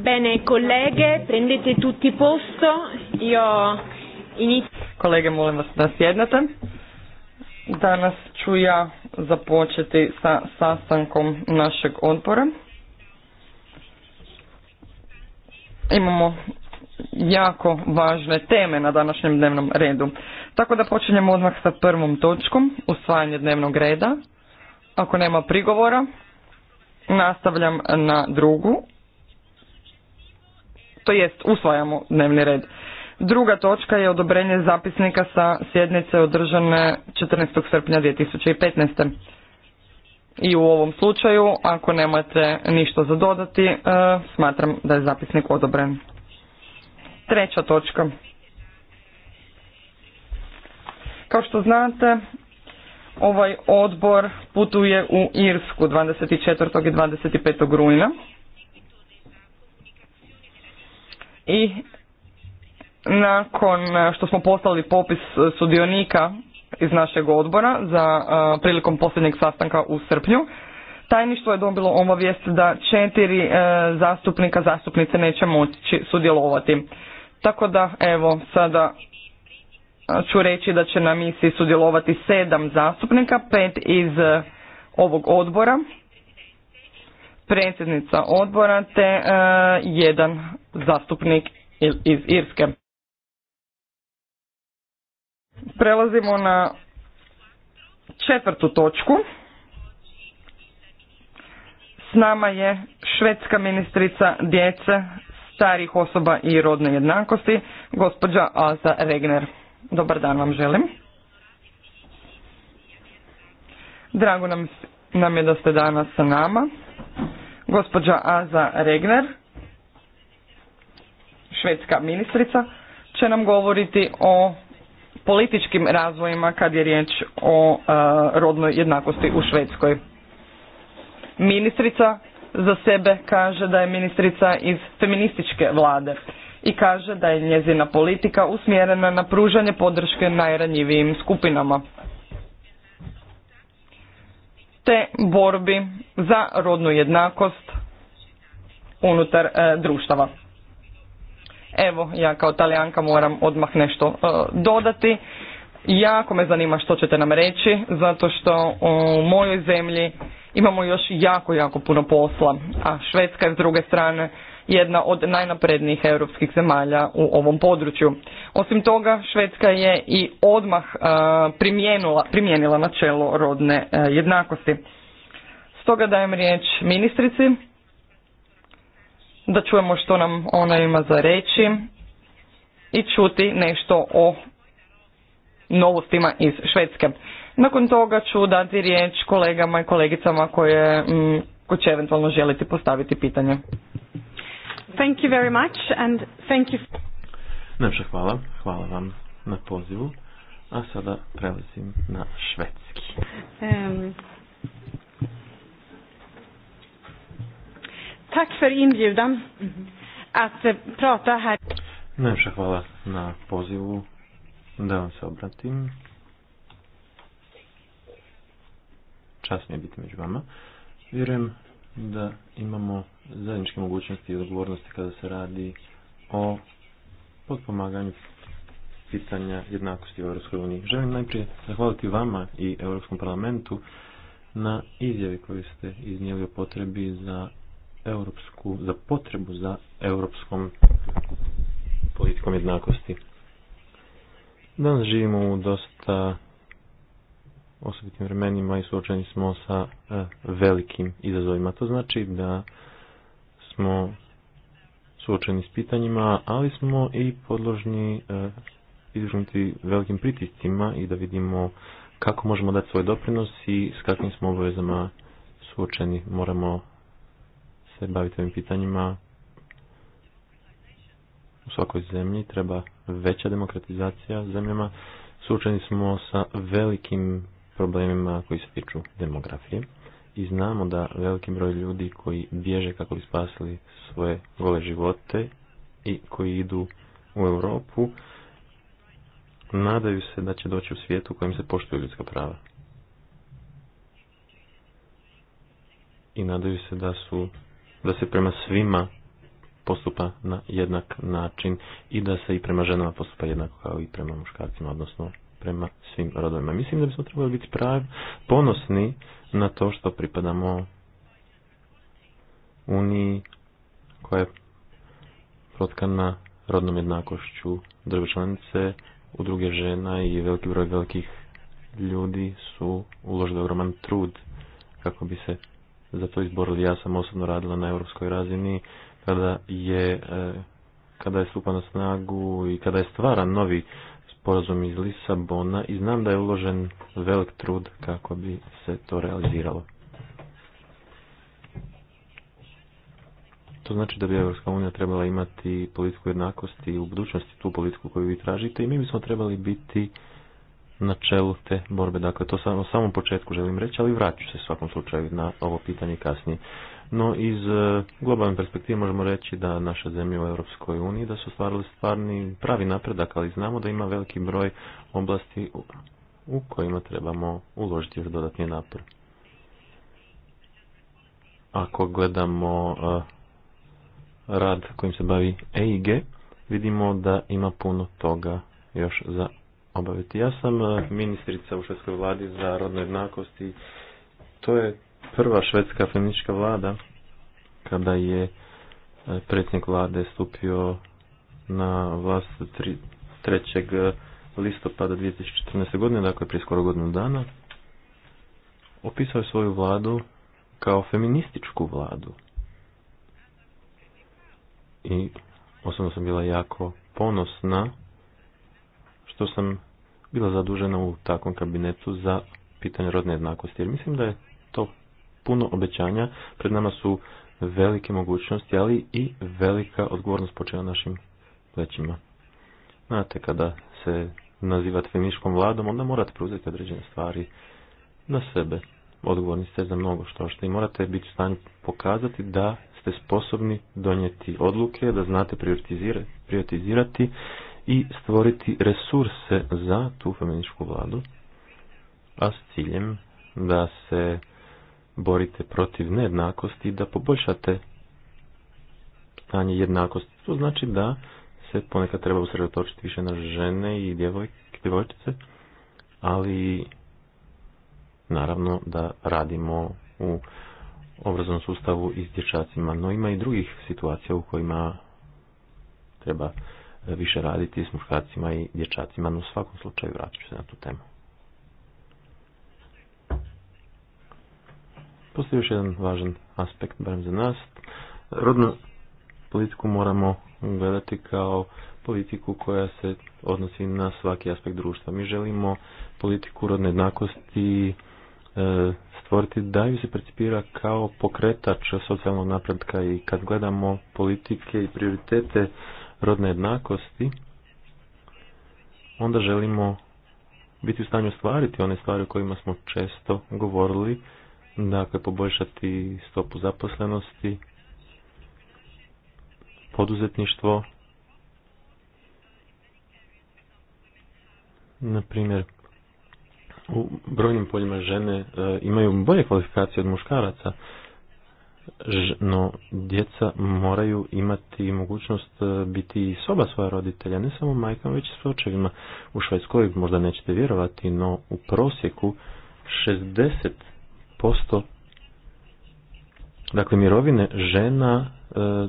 Bene, kolege, prendete tutti posto. Io inizio... Kolege, molim vas da sjednete. Danas ću ja započeti sa sastankom našeg odbora. Imamo jako važne teme na današnjem dnevnom redu. Tako da počinjemo odmah sa prvom točkom, usvajanje dnevnog reda. Ako nema prigovora, nastavljam na drugu to jest usvajamo dnevni red. Druga točka je odobrenje zapisnika sa sjednice održane 14. srpnja 2015. I u ovom slučaju, ako nemate ništa za dodati, e, smatram da je zapisnik odobren. Treća točka. Kao što znate, ovaj odbor putuje u Irsku 24. i 25. rujna. i nakon eh, što smo poslali popis eh, sudionika iz našeg odbora za eh, prilikom posljednjeg sastanka u srpnju, tajništvo je dobilo obavijest da četiri zastupnika, zastupnice neće moći sudjelovati. Tako da, evo, sada ću reći da će na misiji sudjelovati sedam zastupnika, pet iz ovog odbora, predsjednica odbora te e, jedan zastupnik iz Irske. Prelazimo na četvrtu točku. S nama je švedska ministrica djece, starih osoba i rodne jednakosti, gospođa Alza Regner. Dobar dan vam želim. Drago nam, nam je da ste danas sa nama. Gospođa Aza Regner, švedska ministrica, će nam govoriti o političkim razvojima kad je riječ o e, rodnoj jednakosti u Švedskoj. Ministrica za sebe kaže da je ministrica iz feminističke vlade i kaže da je njezina politika usmjerena na pružanje podrške najranjivijim skupinama te borbi za rodnu jednakost unutar e, društava. Evo, ja kao talijanka moram odmah nešto e, dodati. Jako me zanima što ćete nam reći, zato što u mojoj zemlji imamo još jako, jako puno posla, a Švedska je s druge strane jedna od najnaprednijih europskih zemalja u ovom području. Osim toga, Švedska je i odmah e, primijenila načelo rodne e, jednakosti. Stoga dajem riječ ministrici da čujemo što nam ona ima za reći i čuti nešto o novostima iz Švedske. Nakon toga ću dati riječ kolegama i kolegicama koje, mm, će eventualno želiti postaviti pitanje. Thank you very much and thank you. Najpša hvala. Hvala vam na pozivu. A sada prelazim na švedski. Um, tack för inbjudan att eh, prata här. Najpša hvala na pozivu da vam se obratim. čas mi je biti među vama. Vjerujem da imamo zajedničke mogućnosti i odgovornosti kada se radi o potpomaganju pitanja jednakosti u Europskoj Želim najprije zahvaliti vama i Europskom parlamentu na izjavi koju ste iznijeli o potrebi za europsku, za potrebu za europskom politikom jednakosti. Danas živimo u dosta osobitim vremenima i suočeni smo sa eh, velikim izazovima. To znači da smo suočeni s pitanjima, ali smo i podložni e, izvrgnuti velikim pritiscima i da vidimo kako možemo dati svoj doprinos i s kakvim smo obavezama suočeni. Moramo se baviti ovim pitanjima u svakoj zemlji treba veća demokratizacija zemljama. Suočeni smo sa velikim problemima koji se tiču demografije i znamo da veliki broj ljudi koji bježe kako bi spasili svoje gole živote i koji idu u Europu nadaju se da će doći u svijetu u kojem se poštuju ljudska prava. I nadaju se da su da se prema svima postupa na jednak način i da se i prema ženama postupa jednako kao i prema muškarcima, odnosno prema svim rodovima. Mislim da bismo trebali biti pravi, ponosni na to što pripadamo Uniji koja je protkana rodnom jednakošću države članice, udruge žena i veliki broj velikih ljudi su uložili ogroman trud kako bi se za to izborili. Ja sam osobno radila na europskoj razini kada je eh, kada je stupa na snagu i kada je stvaran novi sporazum iz Lisabona i znam da je uložen velik trud kako bi se to realiziralo. To znači da bi Evropska unija trebala imati politiku jednakosti i u budućnosti tu politiku koju vi tražite i mi bismo trebali biti na čelu te borbe. Dakle, to samo samom početku želim reći, ali vraću se svakom slučaju na ovo pitanje kasnije no iz e, globalne perspektive možemo reći da naša zemlja u Europskoj uniji da su stvarili stvarni pravi napredak, ali znamo da ima veliki broj oblasti u kojima trebamo uložiti još dodatni napor. Ako gledamo e, rad kojim se bavi EIG, vidimo da ima puno toga još za obaviti. Ja sam e, ministrica u švedskoj vladi za rodnu jednakost i to je prva švedska feministička vlada kada je e, predsjednik vlade stupio na vlast 3. E, listopada 2014. godine, dakle prije skoro godinu dana, opisao je svoju vladu kao feminističku vladu. I osobno sam bila jako ponosna što sam bila zadužena u takvom kabinetu za pitanje rodne jednakosti. Jer mislim da je to puno obećanja, pred nama su velike mogućnosti, ali i velika odgovornost počela našim plećima. Znate, kada se nazivate feminističkom vladom, onda morate preuzeti određene stvari na sebe. Odgovorni ste za mnogo što što i morate biti u stanju pokazati da ste sposobni donijeti odluke, da znate prioritizirati i stvoriti resurse za tu feminističku vladu, a s ciljem da se borite protiv nejednakosti da poboljšate stanje jednakosti. To znači da se ponekad treba usredotočiti više na žene i djevojčice, ali naravno da radimo u obrazovnom sustavu i s dječacima. No ima i drugih situacija u kojima treba više raditi s muškarcima i dječacima, no u svakom slučaju vratit ću se na tu temu. postoji još jedan važan aspekt, barem za nas. Rodnu politiku moramo gledati kao politiku koja se odnosi na svaki aspekt društva. Mi želimo politiku rodne jednakosti e, stvoriti da ju se percipira kao pokretač socijalnog napretka i kad gledamo politike i prioritete rodne jednakosti, onda želimo biti u stanju stvariti one stvari o kojima smo često govorili dakle poboljšati stopu zaposlenosti, poduzetništvo, na primjer, u brojnim poljima žene e, imaju bolje kvalifikacije od muškaraca, no djeca moraju imati mogućnost e, biti i soba svoja roditelja, ne samo majkama, već i s očevima. U Švajskoj možda nećete vjerovati, no u prosjeku 60 posto Dakle, mirovine žena e,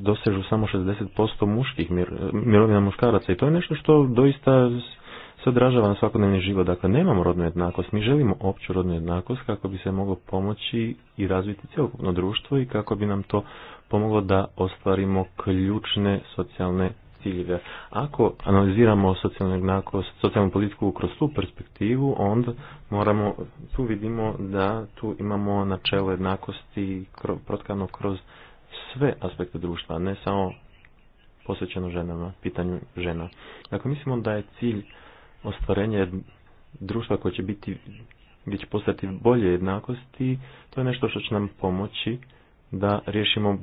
dosežu samo 60% muških e, mirovina muškaraca i to je nešto što doista se odražava na svakodnevni život. Dakle, nemamo rodnu jednakost, mi želimo opću rodnu jednakost kako bi se moglo pomoći i razviti cjelokupno društvo i kako bi nam to pomoglo da ostvarimo ključne socijalne ciljeve. Ako analiziramo socijalnu jednakost, socijalnu politiku kroz tu perspektivu, onda moramo, tu vidimo da tu imamo načelo jednakosti protkano kroz sve aspekte društva, ne samo posvećeno ženama, pitanju žena. Dakle, mislimo da je cilj ostvarenje društva koje će biti, gdje će postati bolje jednakosti, to je nešto što će nam pomoći da riješimo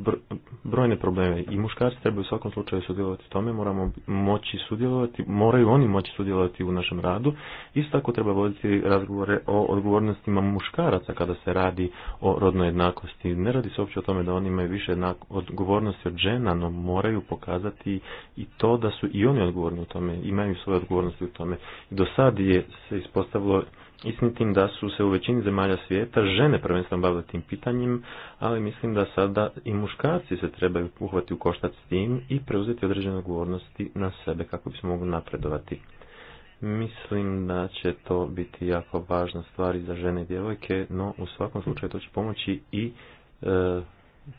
brojne probleme i muškarci trebaju u svakom slučaju sudjelovati u tome, moramo moći sudjelovati, moraju oni moći sudjelovati u našem radu. Isto tako treba voditi razgovore o odgovornostima muškaraca kada se radi o rodnoj jednakosti. Ne radi se uopće o tome da oni imaju više odgovornosti od žena, no moraju pokazati i to da su i oni odgovorni u tome, imaju svoje odgovornosti u tome. Do sad je se ispostavilo Istinitim da su se u većini zemalja svijeta žene prvenstveno bavile tim pitanjem, ali mislim da sada i muškarci se trebaju uhvati u koštac s tim i preuzeti određene odgovornosti na sebe kako bi se mogli napredovati. Mislim da će to biti jako važna stvar i za žene i djevojke, no u svakom slučaju to će pomoći i e,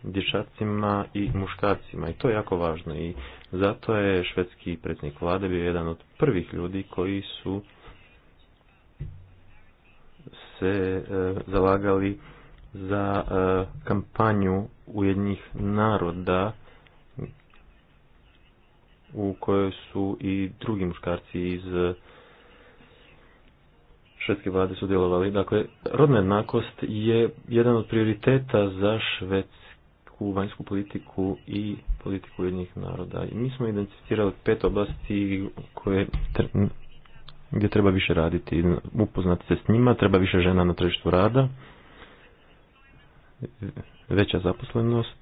dječacima i muškarcima i to je jako važno i zato je švedski predsjednik vlade bio jedan od prvih ljudi koji su se e, zalagali za e, kampanju ujednjih naroda u kojoj su i drugi muškarci iz švedske vlade sudjelovali. Dakle, rodna jednakost je jedan od prioriteta za švedsku vanjsku politiku i politiku jednih naroda. I mi smo identificirali pet oblasti koje gdje treba više raditi. Upoznati se s njima, treba više žena na tržištu rada, veća zaposlenost,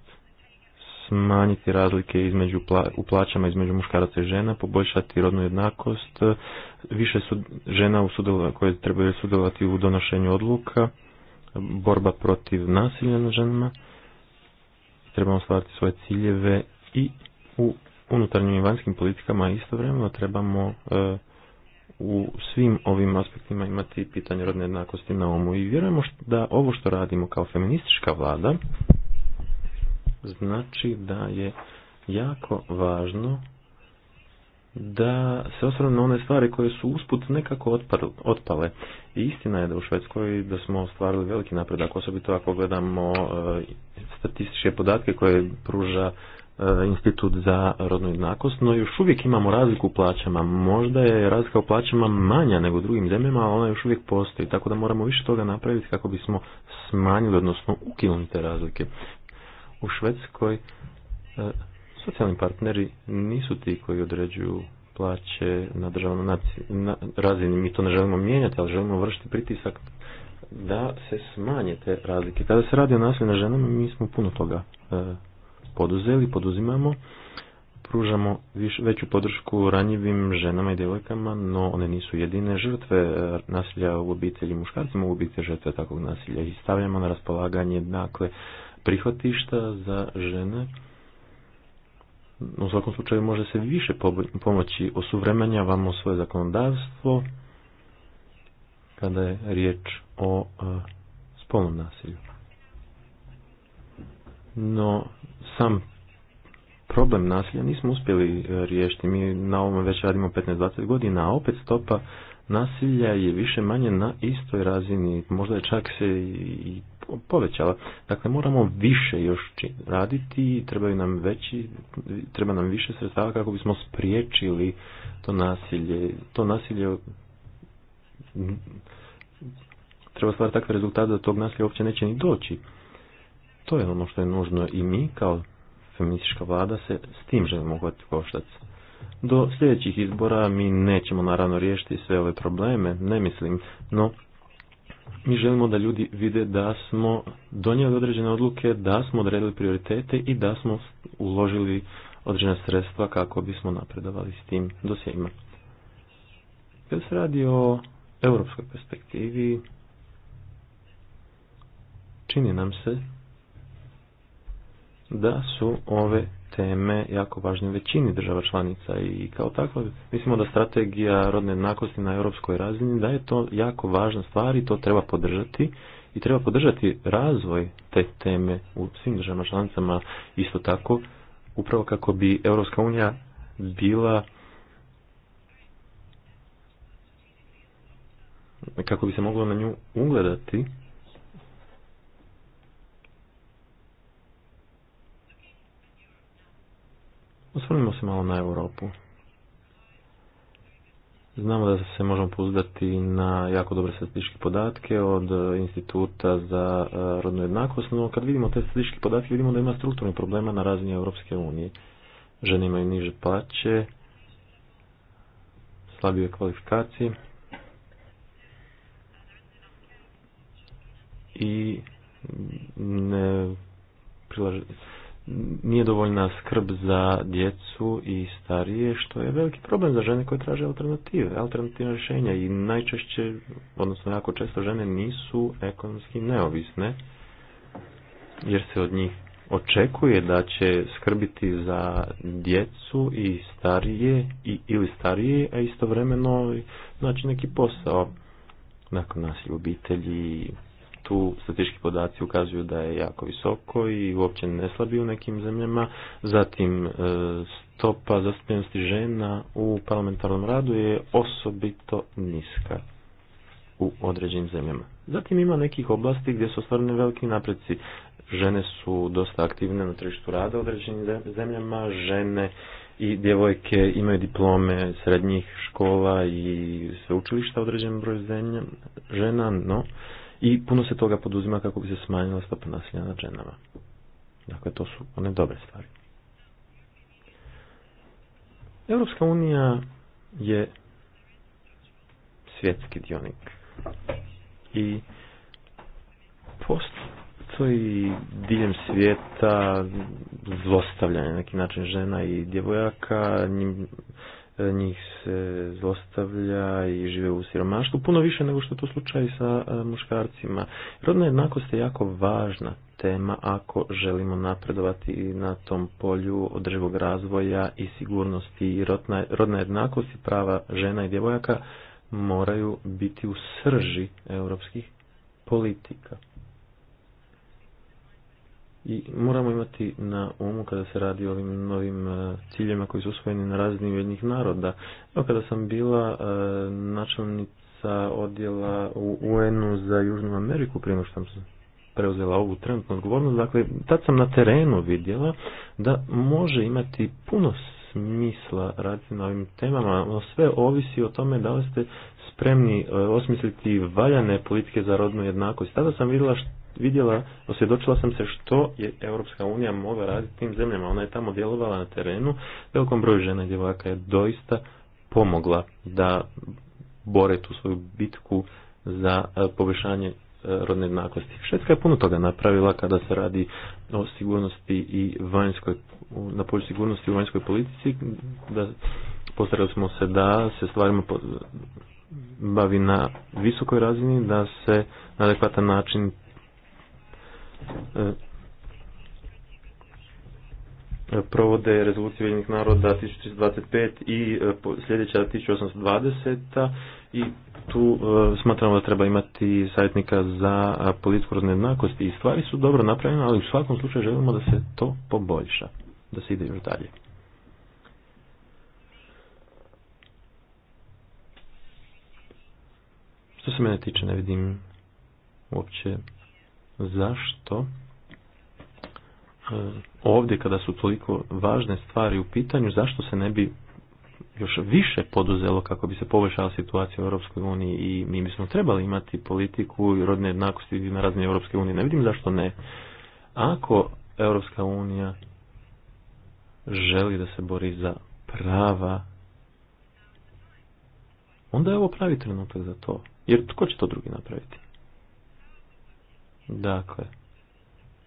smanjiti razlike između u plaćama između muškaraca i žena, poboljšati rodnu jednakost, više su žena u koje trebaju sudjelovati u donošenju odluka, borba protiv nasilja na ženama, trebamo stvarati svoje ciljeve i u unutarnjim i vanjskim politikama istovremeno trebamo e, u svim ovim aspektima imati pitanje rodne jednakosti na umu i vjerujemo da ovo što radimo kao feministička vlada znači da je jako važno da se osvrnu na one stvari koje su usput nekako otpale. I istina je da u Švedskoj da smo ostvarili veliki napredak, osobito ako gledamo e, statističke podatke koje pruža E, institut za rodnu jednakost, no još uvijek imamo razliku u plaćama. Možda je razlika u plaćama manja nego u drugim zemljama, ali ona još uvijek postoji, tako da moramo više toga napraviti kako bismo smanjili, odnosno ukinuli te razlike. U Švedskoj e, socijalni partneri nisu ti koji određuju plaće na državnom razini. Mi to ne želimo mijenjati, ali želimo vršiti pritisak da se smanje te razlike. Kada se radi o nasilju na ženama, mi smo puno toga e, poduzeli, poduzimamo. Pružamo viš, veću podršku ranjivim ženama i djevojkama, no one nisu jedine žrtve e, nasilja u obitelji. Muškarci mogu biti žrtve takvog nasilja i stavljamo na raspolaganje dakle, prihvatišta za žene. U svakom slučaju može se više pomoći osuvremenjavamo svoje zakonodavstvo kada je riječ o e, spolnom nasilju. No, sam problem nasilja nismo uspjeli e, riješiti. Mi na ovome već radimo 15-20 godina, a opet stopa nasilja je više manje na istoj razini, možda je čak se i povećala. Dakle, moramo više još raditi i nam veći, treba nam više sredstava kako bismo spriječili to nasilje. To nasilje treba stvarati takve rezultate da tog nasilja uopće neće ni doći to je ono što je nužno i mi kao feministička vlada se s tim želimo uhvatiti koštac. Do sljedećih izbora mi nećemo naravno riješiti sve ove probleme, ne mislim, no mi želimo da ljudi vide da smo donijeli određene odluke, da smo odredili prioritete i da smo uložili određena sredstva kako bismo napredovali s tim dosjeima. Kad se radi o europskoj perspektivi, čini nam se da su ove teme jako važne većini država članica i kao takva mislimo da strategija rodne jednakosti na europskoj razini da je to jako važna stvar i to treba podržati i treba podržati razvoj te teme u svim državama članicama isto tako upravo kako bi Europska unija bila kako bi se moglo na nju ugledati Osvrnimo se malo na Europu. Znamo da se možemo pouzdati na jako dobre statističke podatke od e, Instituta za e, rodnu jednakost, no kad vidimo te statističke podatke vidimo da ima strukturnih problema na razini Europske unije. Žene imaju niže plaće, slabije kvalifikacije i ne prilaže nije dovoljna skrb za djecu i starije, što je veliki problem za žene koje traže alternative, alternativne rješenja i najčešće, odnosno jako često žene nisu ekonomski neovisne, jer se od njih očekuje da će skrbiti za djecu i starije i, ili starije, a istovremeno znači neki posao nakon nas u obitelji tu statički podaci ukazuju da je jako visoko i uopće ne slabi u nekim zemljama. Zatim e, stopa zastupljenosti žena u parlamentarnom radu je osobito niska u određenim zemljama. Zatim ima nekih oblasti gdje su ostvareni veliki napreci. Žene su dosta aktivne na tržištu rada u određenim zemljama, žene i djevojke imaju diplome srednjih škola i sveučilišta u određenom broju zemlja, žena, no i puno se toga poduzima kako bi se smanjila stopa nasilja nad ženama. Dakle, to su one dobre stvari. Europska unija je svjetski dionik i postoji diljem svijeta zlostavljanje na neki način žena i djevojaka, njih se zlostavlja i žive u siromaštvu, puno više nego što je to slučaj sa e, muškarcima. Rodna jednakost je jako važna tema ako želimo napredovati na tom polju održivog razvoja i sigurnosti i rodna, rodna jednakost i prava žena i djevojaka moraju biti u srži europskih politika i moramo imati na umu kada se radi o ovim novim e, ciljevima koji su usvojeni na razini jednih naroda. Evo kada sam bila e, načelnica odjela u UN-u za Južnu Ameriku, prije što sam preuzela ovu trenutnu odgovornost, dakle, tad sam na terenu vidjela da može imati puno smisla raditi na ovim temama, no sve ovisi o tome da li ste spremni e, osmisliti valjane politike za rodnu jednakost. Tada sam vidjela vidjela, osvjedočila sam se što je Europska unija mogla raditi tim zemljama. Ona je tamo djelovala na terenu. Velikom broju žena i djevojaka je doista pomogla da bore tu svoju bitku za e, poboljšanje e, rodne jednakosti. Švedska je puno toga napravila kada se radi o sigurnosti i vanjskoj, na polju sigurnosti u vanjskoj politici, da postarali smo se da se stvarima bavi na visokoj razini, da se na adekvatan način E, e, provode rezolucije Ujedinjenih naroda 1325 i e, sljedeća 1820 i tu smatramo da treba imati savjetnika za političku jednakosti i stvari su dobro napravljene, ali u svakom slučaju želimo da se to poboljša, da se ide još dalje. Što se mene tiče, ne vidim uopće zašto e, ovdje kada su toliko važne stvari u pitanju, zašto se ne bi još više poduzelo kako bi se poboljšala situacija u Europskoj uniji i mi bismo trebali imati politiku i rodne jednakosti na razini Europske unije. Ne vidim zašto ne. Ako Europska unija želi da se bori za prava, onda je ovo pravi trenutak za to. Jer tko će to drugi napraviti? Dakle,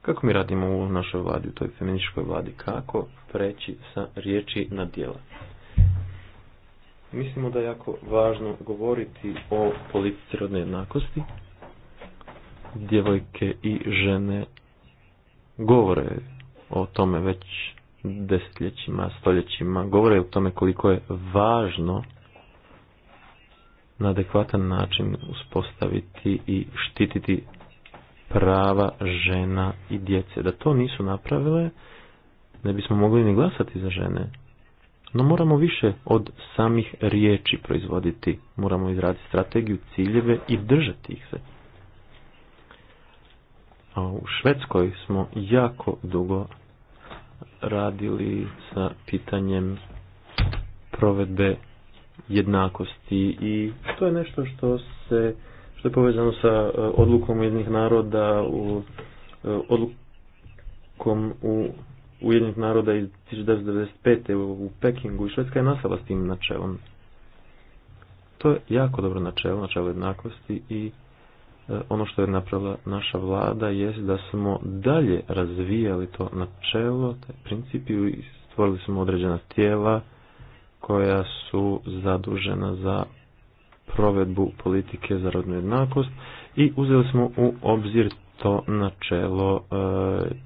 kako mi radimo u našoj vladi, u toj feminičkoj vladi? Kako preći sa riječi na djela? Mislimo da je jako važno govoriti o politici rodne jednakosti. Djevojke i žene govore o tome već desetljećima, stoljećima, govore o tome koliko je važno na adekvatan način uspostaviti i štititi prava žena i djece. Da to nisu napravile, ne bismo mogli ni glasati za žene. No moramo više od samih riječi proizvoditi. Moramo izraditi strategiju, ciljeve i držati ih se. A u Švedskoj smo jako dugo radili sa pitanjem provedbe jednakosti i to je nešto što se što je povezano sa e, odlukom jednih naroda u e, odlukom u Ujedinjenih naroda iz 1995. u Pekingu i Švedska je nasala s tim načelom. To je jako dobro načelo, načelo jednakosti i e, ono što je napravila naša vlada jest da smo dalje razvijali to načelo, taj princip i stvorili smo određena tijela koja su zadužena za provedbu politike za rodnu jednakost i uzeli smo u obzir to načelo e,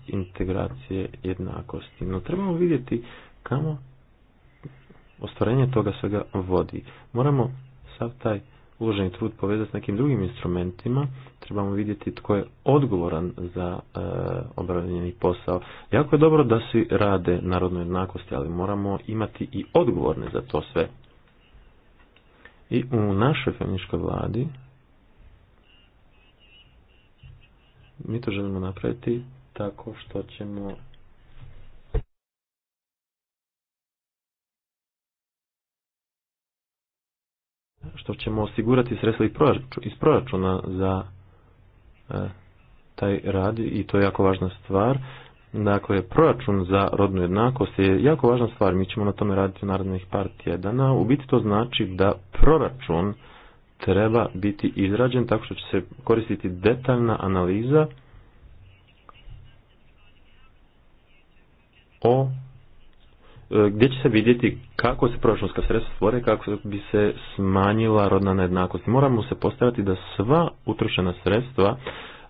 integracije jednakosti. No trebamo vidjeti kamo ostvarenje toga svega vodi. Moramo sav taj uloženi trud povezati s nekim drugim instrumentima, trebamo vidjeti tko je odgovoran za e, obavljeni posao. Jako je dobro da svi rade narodnoj jednakosti, ali moramo imati i odgovorne za to sve. I u našoj femničkoj vladi mi to želimo napraviti tako što ćemo što ćemo osigurati sredstva iz proračuna za e, taj rad i to je jako važna stvar. Dakle, proračun za rodnu jednakost je jako važna stvar. Mi ćemo na tome raditi u narednih par tjedana. U biti to znači da proračun treba biti izrađen tako što će se koristiti detaljna analiza o e, gdje će se vidjeti kako se proračunska sredstva stvore, kako bi se smanjila rodna nejednakost. Moramo se postaviti da sva utrošena sredstva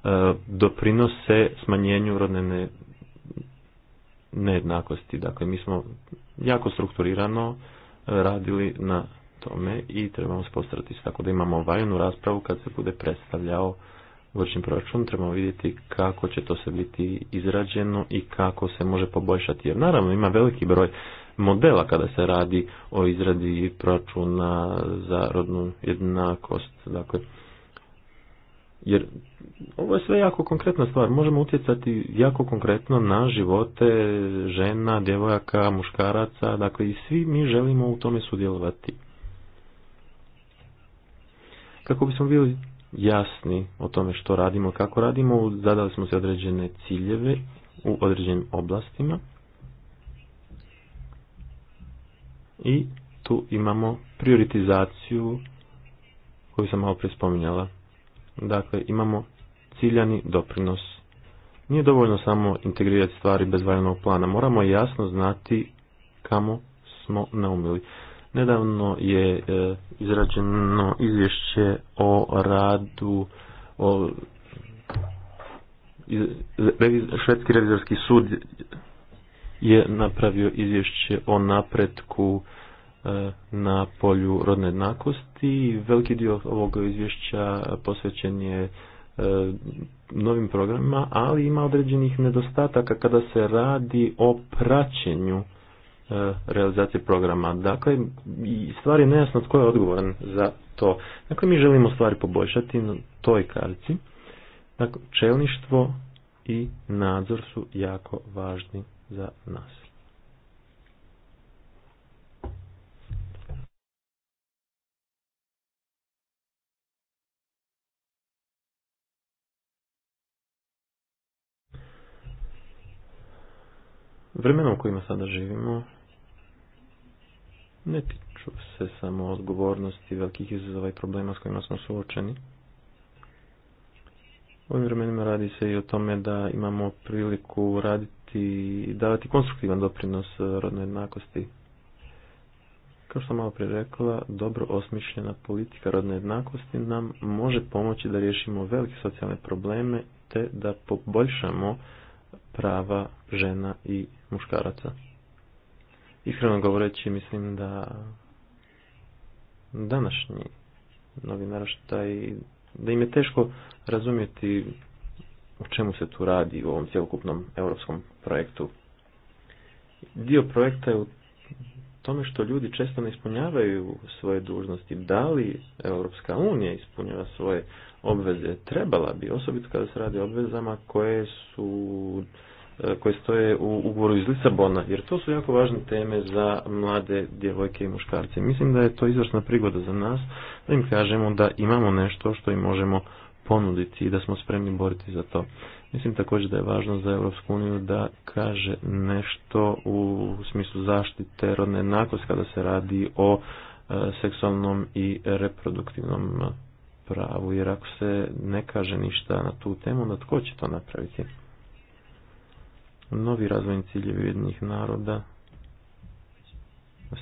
e, doprinose smanjenju rodne nejednakosti. Dakle, mi smo jako strukturirano e, radili na tome i trebamo se se tako da imamo valjenu raspravu kad se bude predstavljao godišnji proračun, trebamo vidjeti kako će to se biti izrađeno i kako se može poboljšati. Jer naravno ima veliki broj modela kada se radi o izradi proračuna za rodnu jednakost. Dakle, jer ovo je sve jako konkretna stvar. Možemo utjecati jako konkretno na živote žena, djevojaka, muškaraca. Dakle, i svi mi želimo u tome sudjelovati. Kako bismo bili jasni o tome što radimo, kako radimo, zadali smo se određene ciljeve u određenim oblastima. I tu imamo prioritizaciju koju sam malo prije spominjala. Dakle, imamo ciljani doprinos. Nije dovoljno samo integrirati stvari bez valjanog plana. Moramo jasno znati kamo smo naumili. Nedavno je e, izrađeno izvješće o radu o Švedski revizorski sud je napravio izvješće o napretku E, na polju rodne jednakosti. Veliki dio ovog izvješća posvećen je e, novim programima, ali ima određenih nedostataka kada se radi o praćenju e, realizacije programa. Dakle, stvar je nejasno tko je odgovoran za to. Dakle, mi želimo stvari poboljšati na toj karci. Dakle, čelništvo i nadzor su jako važni za nas. Vremena u kojima sada živimo ne tiču se samo odgovornosti velikih izazova i problema s kojima smo suočeni. U ovim vremenima radi se i o tome da imamo priliku raditi i davati konstruktivan doprinos rodnoj jednakosti. Kao što sam malo prije rekla, dobro osmišljena politika rodne jednakosti nam može pomoći da riješimo velike socijalne probleme te da poboljšamo prava žena i muškaraca. Iskreno govoreći, mislim da današnji novinaraštaj, da im je teško razumjeti o čemu se tu radi u ovom cjelokupnom europskom projektu. Dio projekta je u tome što ljudi često ne ispunjavaju svoje dužnosti. Da li Europska unija ispunjava svoje obveze. Trebala bi, osobito kada se radi o obvezama koje su e, koje stoje u ugovoru iz Lisabona, jer to su jako važne teme za mlade djevojke i muškarce. Mislim da je to izvrsna prigoda za nas, da im kažemo da imamo nešto što im možemo ponuditi i da smo spremni boriti za to. Mislim također da je važno za Europsku uniju da kaže nešto u smislu zaštite rodne jednakosti kada se radi o e, seksualnom i reproduktivnom pravu, jer ako se ne kaže ništa na tu temu, onda tko će to napraviti? Novi razvojni ciljevi jednih naroda,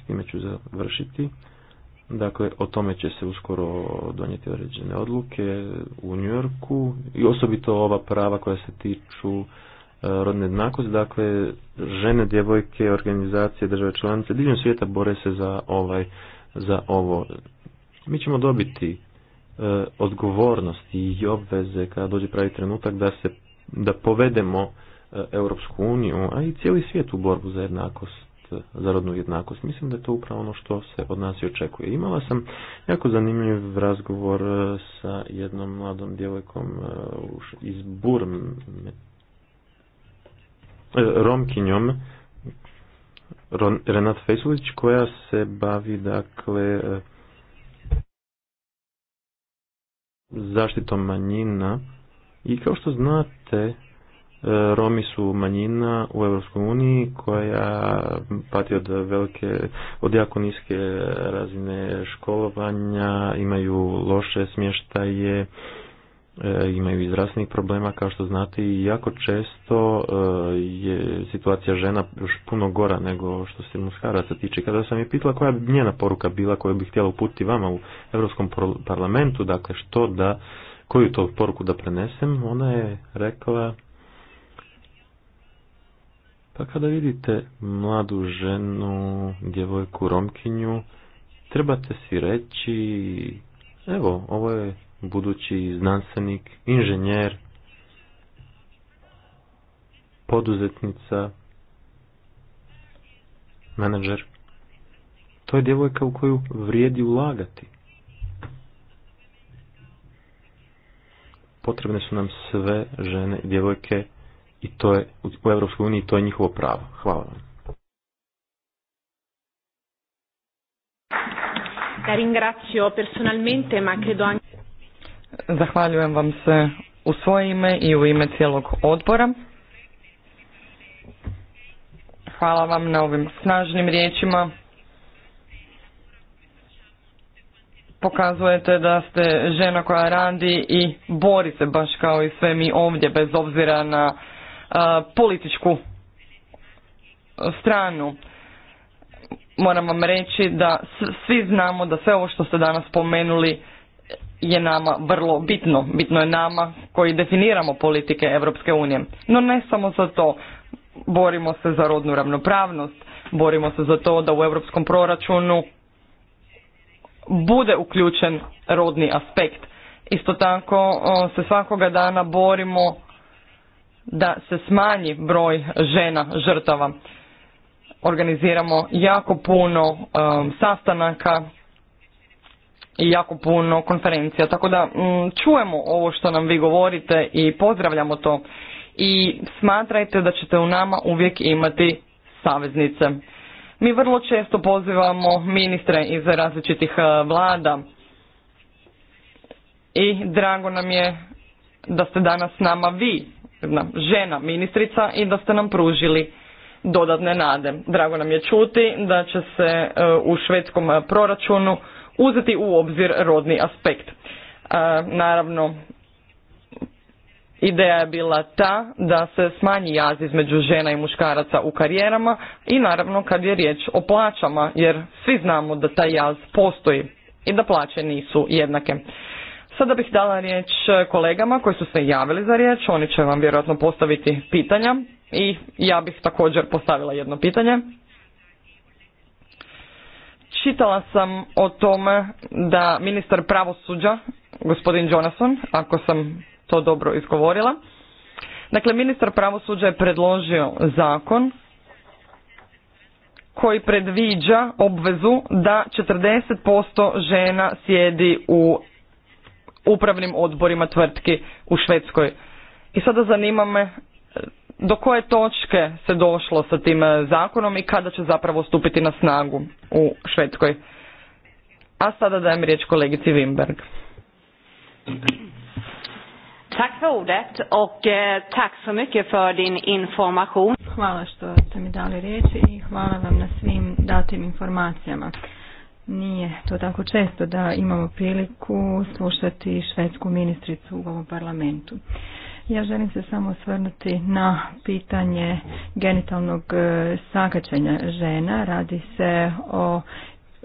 s time ću završiti, Dakle, o tome će se uskoro donijeti određene odluke u Yorku. i osobito ova prava koja se tiču e, rodne jednakosti. Dakle, žene, djevojke, organizacije, države članice, diljem svijeta bore se za, ovaj, za ovo. Mi ćemo dobiti E, odgovornosti i obveze kada dođe pravi trenutak da se da povedemo e, Europsku uniju, a i cijeli svijet u borbu za jednakost, za rodnu jednakost. Mislim da je to upravo ono što se od nas i očekuje. Imala sam jako zanimljiv razgovor e, sa jednom mladom djevojkom iz Burme, Romkinjom, Renat Fejsulić, koja se bavi dakle zaštitom manjina i kao što znate e, Romi su manjina u Europskoj uniji koja pati od velike, od jako niske razine školovanja, imaju loše smještaje, E, imaju izrasnih problema, kao što znate, i jako često e, je situacija žena još puno gora nego što se muškaraca tiče. Kada sam je pitala koja bi njena poruka bila koju bi htjela uputiti vama u Europskom parlamentu, dakle što da, koju to poruku da prenesem, ona je rekla pa kada vidite mladu ženu, djevojku, romkinju, trebate si reći evo, ovo je budući znanstvenik, inženjer, poduzetnica, menadžer. To je djevojka u koju vrijedi ulagati. Potrebne su nam sve žene i djevojke i to je u Europskoj uniji to je njihovo pravo. Hvala vam. ringrazio personalmente ma credo Zahvaljujem vam se u svoje ime i u ime cijelog odbora. Hvala vam na ovim snažnim riječima. Pokazujete da ste žena koja radi i bori se baš kao i sve mi ovdje bez obzira na političku stranu. Moram vam reći da svi znamo da sve ovo što ste danas spomenuli je nama vrlo bitno. Bitno je nama koji definiramo politike Europske unije. No ne samo za to. Borimo se za rodnu ravnopravnost, borimo se za to da u europskom proračunu bude uključen rodni aspekt. Isto tako se svakoga dana borimo da se smanji broj žena žrtava. Organiziramo jako puno sastanaka i jako puno konferencija. Tako da mm, čujemo ovo što nam vi govorite i pozdravljamo to. I smatrajte da ćete u nama uvijek imati saveznice. Mi vrlo često pozivamo ministre iz različitih e, vlada i drago nam je da ste danas s nama vi, žena ministrica i da ste nam pružili dodatne nade. Drago nam je čuti da će se e, u švedskom e, proračunu uzeti u obzir rodni aspekt. E, naravno, Ideja je bila ta da se smanji jaz između žena i muškaraca u karijerama i naravno kad je riječ o plaćama jer svi znamo da taj jaz postoji i da plaće nisu jednake. Sada bih dala riječ kolegama koji su se javili za riječ, oni će vam vjerojatno postaviti pitanja i ja bih također postavila jedno pitanje. Čitala sam o tome da ministar pravosuđa, gospodin Jonason, ako sam to dobro izgovorila, dakle ministar pravosuđa je predložio zakon koji predviđa obvezu da 40% žena sjedi u upravnim odborima tvrtki u Švedskoj. I sada zanima me do koje točke se došlo sa tim e, zakonom i kada će zapravo stupiti na snagu u Švedskoj. A sada dajem riječ kolegici Wimberg. Tack för ordet och eh, tack så mycket för din information. Hvala što ste mi dali riječ i hvala vam na svim datim informacijama. Nije to tako često da imamo priliku slušati švedsku ministricu u ovom parlamentu. Ja želim se samo osvrnuti na pitanje genitalnog e, sakačenja žena. Radi se o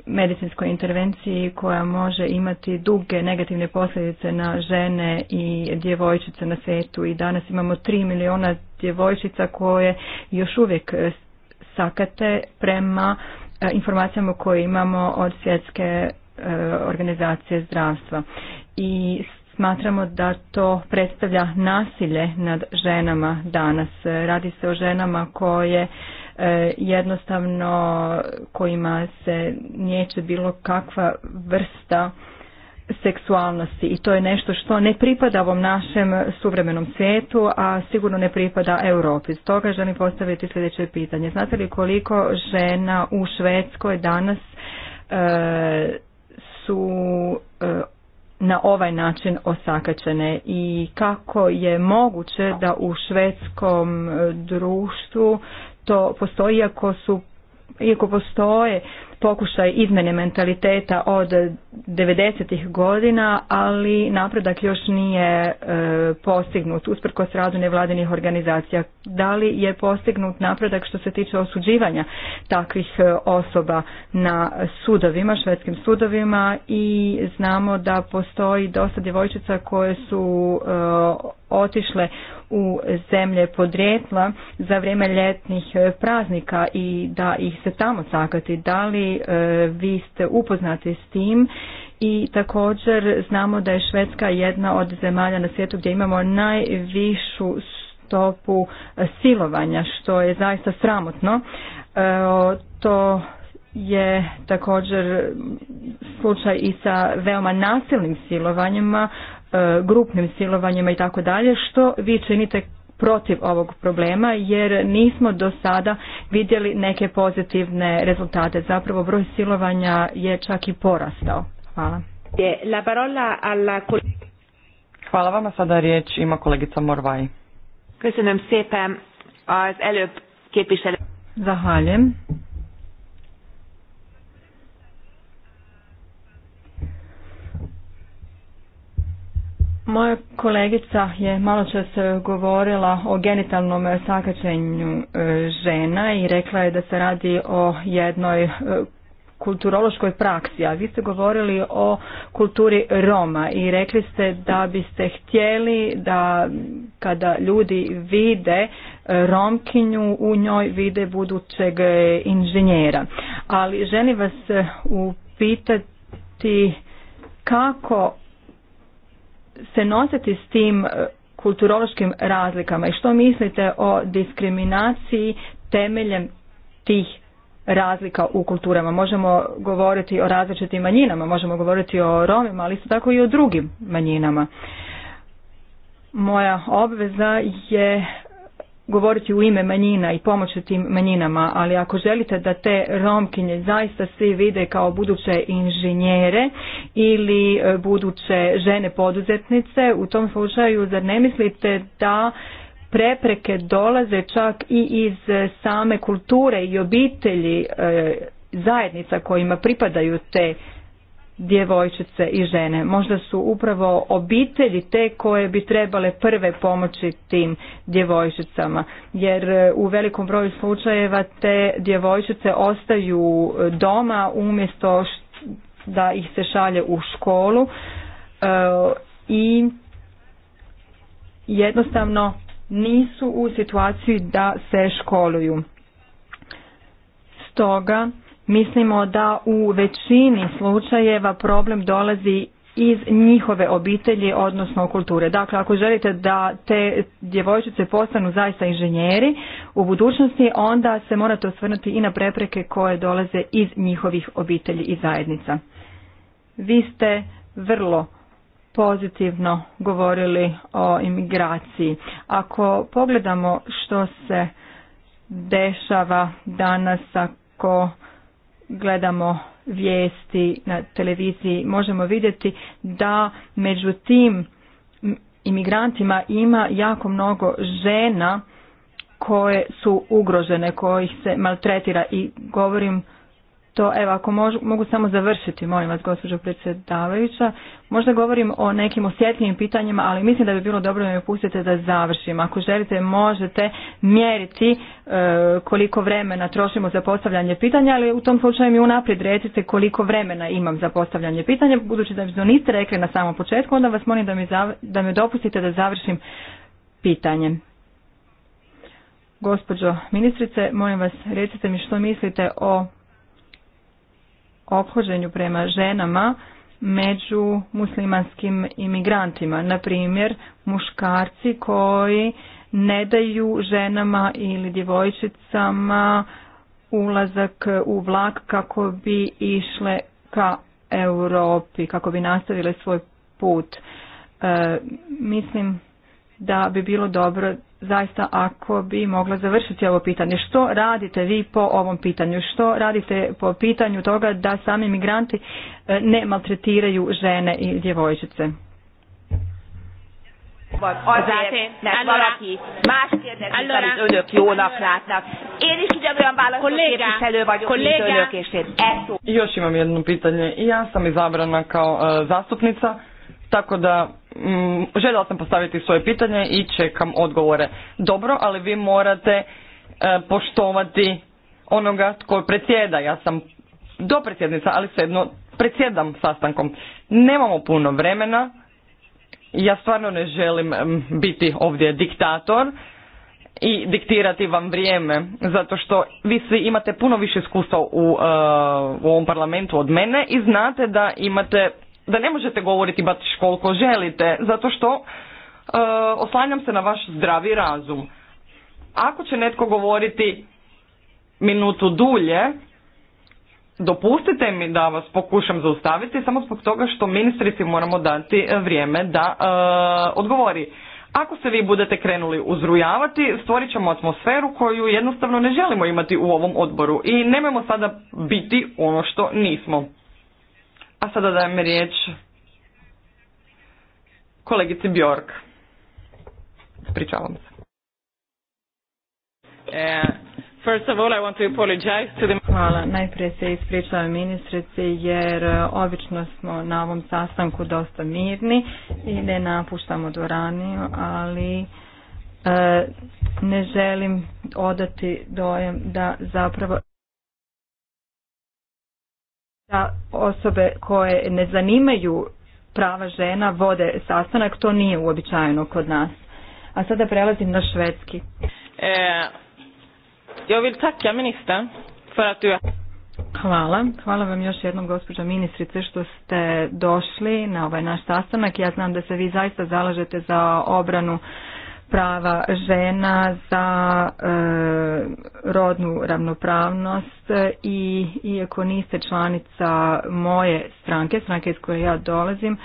medicinskoj intervenciji koja može imati duge negativne posljedice na žene i djevojčice na svijetu i danas imamo 3 miliona djevojčica koje još uvijek e, sakate prema e, informacijama koje imamo od svjetske organizacije zdravstva. I Smatramo da to predstavlja nasilje nad ženama danas. Radi se o ženama koje e, jednostavno kojima se niječe bilo kakva vrsta seksualnosti i to je nešto što ne pripada ovom našem suvremenom svijetu, a sigurno ne pripada Europi. Stoga želim postaviti sljedeće pitanje. Znate li koliko žena u Švedskoj danas e, su e, na ovaj način osakačene i kako je moguće da u švedskom e, društvu to postoji iako su iako postoje pokušaj izmene mentaliteta od 90. godina, ali napredak još nije e, postignut usprkos radu nevladinih organizacija. Da li je postignut napredak što se tiče osuđivanja takvih e, osoba na sudovima, švedskim sudovima i znamo da postoji dosta djevojčica koje su e, otišle u zemlje podrijetla za vrijeme ljetnih e, praznika i da ih se tamo cakati. Da li e, vi ste upoznati s tim i također znamo da je Švedska jedna od zemalja na svijetu gdje imamo najvišu stopu e, silovanja što je zaista sramotno. To je također slučaj i sa veoma nasilnim silovanjima E, grupnim silovanjima i tako dalje, što vi činite protiv ovog problema jer nismo do sada vidjeli neke pozitivne rezultate. Zapravo broj silovanja je čak i porastao. Hvala. La parola alla... Hvala vam, sada riječ ima kolegica Morvaj. Köszönöm szépen az előbb képviselő. Zahvaljujem. Moja kolegica je malo čas e, govorila o genitalnom e, sakačenju e, žena i rekla je da se radi o jednoj kulturološkoj praksi, a vi ste govorili o kulturi Roma i rekli ste da biste htjeli da kada ljudi vide Romkinju u njoj vide budućeg inženjera. Ali želim vas upitati kako se nositi s tim e, kulturološkim razlikama i što mislite o diskriminaciji temeljem tih razlika u kulturama. Možemo govoriti o različitim manjinama, možemo govoriti o Romima, ali isto tako i o drugim manjinama. Moja obveza je govoriti u ime manjina i pomoći tim manjinama, ali ako želite da te romkinje zaista svi vide kao buduće inženjere ili e, buduće žene poduzetnice, u tom slučaju zar ne mislite da prepreke dolaze čak i iz e, same kulture i obitelji e, zajednica kojima pripadaju te djevojčice i žene. Možda su upravo obitelji te koje bi trebale prve pomoći tim djevojčicama, jer e, u velikom broju slučajeva te djevojčice ostaju e, doma umjesto da ih se šalje u školu e, i jednostavno nisu u situaciji da se školuju. Stoga Mislimo da u većini slučajeva problem dolazi iz njihove obitelji, odnosno kulture. Dakle, ako želite da te djevojčice postanu zaista inženjeri u budućnosti, onda se morate osvrnuti i na prepreke koje dolaze iz njihovih obitelji i zajednica. Vi ste vrlo pozitivno govorili o imigraciji. Ako pogledamo što se dešava danas, ako gledamo vijesti na televiziji možemo vidjeti da među tim imigrantima ima jako mnogo žena koje su ugrožene, kojih se maltretira i govorim to, evo, ako mogu samo završiti, molim vas, gospođo predsjedavajuća, možda govorim o nekim osjetljivim pitanjima, ali mislim da bi bilo dobro da mi pustite da završim. Ako želite, možete mjeriti e, koliko vremena trošimo za postavljanje pitanja, ali u tom slučaju mi unaprijed recite koliko vremena imam za postavljanje pitanja, budući da mi to niste rekli na samom početku, onda vas molim da mi, da mi dopustite da završim pitanje. Gospođo ministrice, molim vas, recite mi što mislite o ophođenju prema ženama među muslimanskim imigrantima. Na primjer, muškarci koji ne daju ženama ili djevojčicama ulazak u vlak kako bi išle ka Europi, kako bi nastavile svoj put. E, mislim da bi bilo dobro zaista ako bi mogla završiti ovo pitanje. Što radite vi po ovom pitanju? Što radite po pitanju toga da sami migranti e, ne maltretiraju žene i djevojčice? Još e e imam jedno pitanje. I ja sam izabrana kao zastupnica tako da mm, željela sam postaviti svoje pitanje i čekam odgovore. Dobro, ali vi morate e, poštovati onoga tko predsjeda. Ja sam do predsjednica, ali svejedno predsjedam sastankom. Nemamo puno vremena. Ja stvarno ne želim biti ovdje diktator i diktirati vam vrijeme, zato što vi svi imate puno više iskustva u, e, u ovom parlamentu od mene i znate da imate da ne možete govoriti baš koliko želite, zato što e, oslanjam se na vaš zdravi razum. Ako će netko govoriti minutu dulje, dopustite mi da vas pokušam zaustaviti samo zbog toga što ministrici moramo dati e, vrijeme da e, odgovori. Ako se vi budete krenuli uzrujavati, stvorit ćemo atmosferu koju jednostavno ne želimo imati u ovom odboru i nemojmo sada biti ono što nismo. A sada dajem riječ kolegici Bjork. Pričavam se. E, first of all, I to Hvala. Najprije se ispričavam ministrici jer e, obično smo na ovom sastanku dosta mirni i ne napuštamo dvorani, ali e, ne želim odati dojem da zapravo da osobe koje ne zanimaju prava žena vode sastanak, to nije uobičajeno kod nas. A sada prelazim na švedski. Eh, ja du... Hvala. Hvala vam još jednom gospođa ministrice što ste došli na ovaj naš sastanak. Ja znam da se vi zaista zalažete za obranu prava žena za e, rodnu ravnopravnost i iako niste članica moje stranke, stranke iz koje ja dolazim,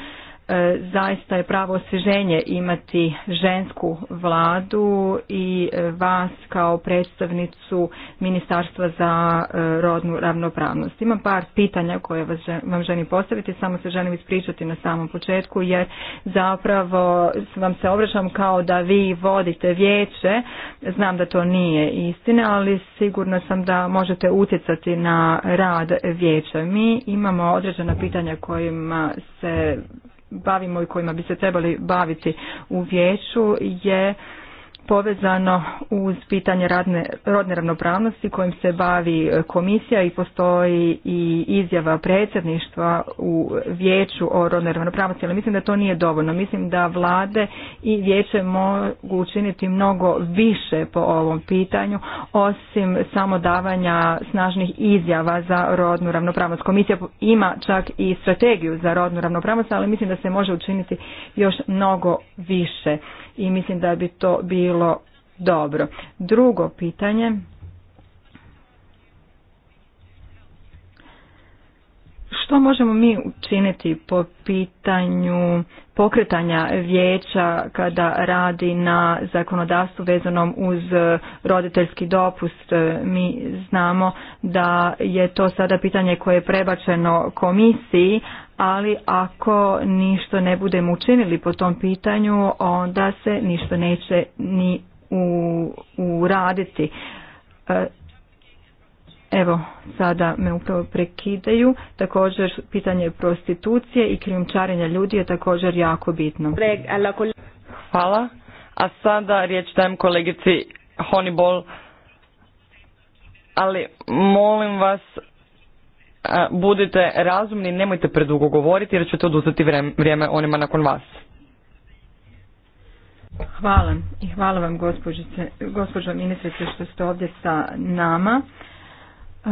E, zaista je pravo osvježenje imati žensku vladu i e, vas kao predstavnicu Ministarstva za e, rodnu ravnopravnost. Imam par pitanja koje vam želim postaviti, samo se želim ispričati na samom početku jer zapravo vam se obraćam kao da vi vodite vijeće, znam da to nije istina, ali sigurno sam da možete utjecati na rad vijeća. Mi imamo određena pitanja kojima se bavimo i kojima bi se trebali baviti u vijeću je povezano uz pitanje radne, rodne ravnopravnosti kojim se bavi e, komisija i postoji i izjava predsjedništva u vijeću o rodnoj ravnopravnosti, ali mislim da to nije dovoljno. Mislim da vlade i vijeće mogu učiniti mnogo više po ovom pitanju, osim samo davanja snažnih izjava za rodnu ravnopravnost. Komisija ima čak i strategiju za rodnu ravnopravnost, ali mislim da se može učiniti još mnogo više i mislim da bi to bilo dobro. Drugo pitanje. Što možemo mi učiniti po pitanju pokretanja vijeća kada radi na zakonodavstvu vezanom uz roditeljski dopust? Mi znamo da je to sada pitanje koje je prebačeno komisiji, ali ako ništa ne budemo učinili po tom pitanju, onda se ništa neće ni uraditi. E, evo, sada me upravo prekidaju. Također, pitanje prostitucije i krijumčarenja ljudi je također jako bitno. Hvala. A sada riječ dajem kolegici Honeyball. Ali molim vas budite razumni, nemojte predugo govoriti jer ćete oduzeti vrijeme onima nakon vas. Hvala i hvala vam gospođo ministrice što ste ovdje sa nama. E,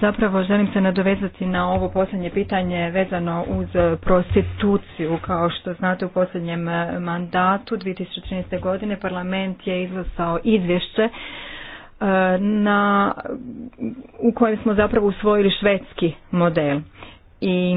zapravo želim se nadovezati na ovo posljednje pitanje vezano uz prostituciju. Kao što znate u posljednjem mandatu 2013. godine parlament je izglasao izvješće na, u kojem smo zapravo usvojili švedski model. I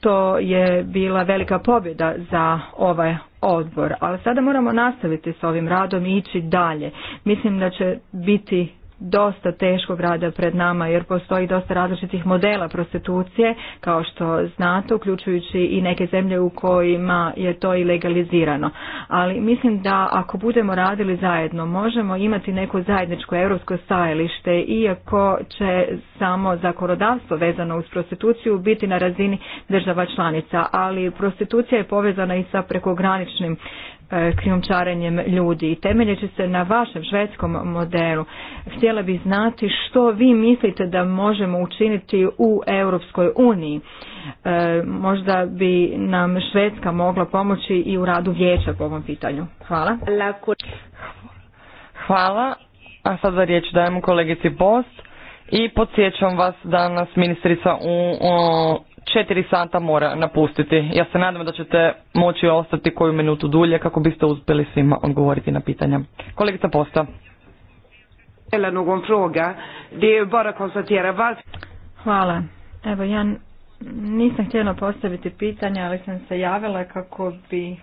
to je bila velika pobjeda za ovaj odbor, ali sada moramo nastaviti s ovim radom i ići dalje. Mislim da će biti dosta teškog rada pred nama jer postoji dosta različitih modela prostitucije kao što znate uključujući i neke zemlje u kojima je to i legalizirano. Ali mislim da ako budemo radili zajedno možemo imati neko zajedničko europsko stajalište iako će samo zakonodavstvo vezano uz prostituciju biti na razini država članica, ali prostitucija je povezana i sa prekograničnim E, krijumčarenjem ljudi i temeljeći se na vašem švedskom modelu. Htjela bih znati što vi mislite da možemo učiniti u Europskoj uniji. E, možda bi nam Švedska mogla pomoći i u radu vijeća po ovom pitanju. Hvala. Hvala. A sada riječ dajemo kolegici BOS i podsjećam vas da nas ministrica u, u četiri sata mora napustiti. Ja se nadam da ćete moći ostati koju minutu dulje kako biste uspjeli svima odgovoriti na pitanja. Kolegica Posta. Hvala. Evo, ja nisam htjela postaviti pitanja, ali sam se javila kako bi e,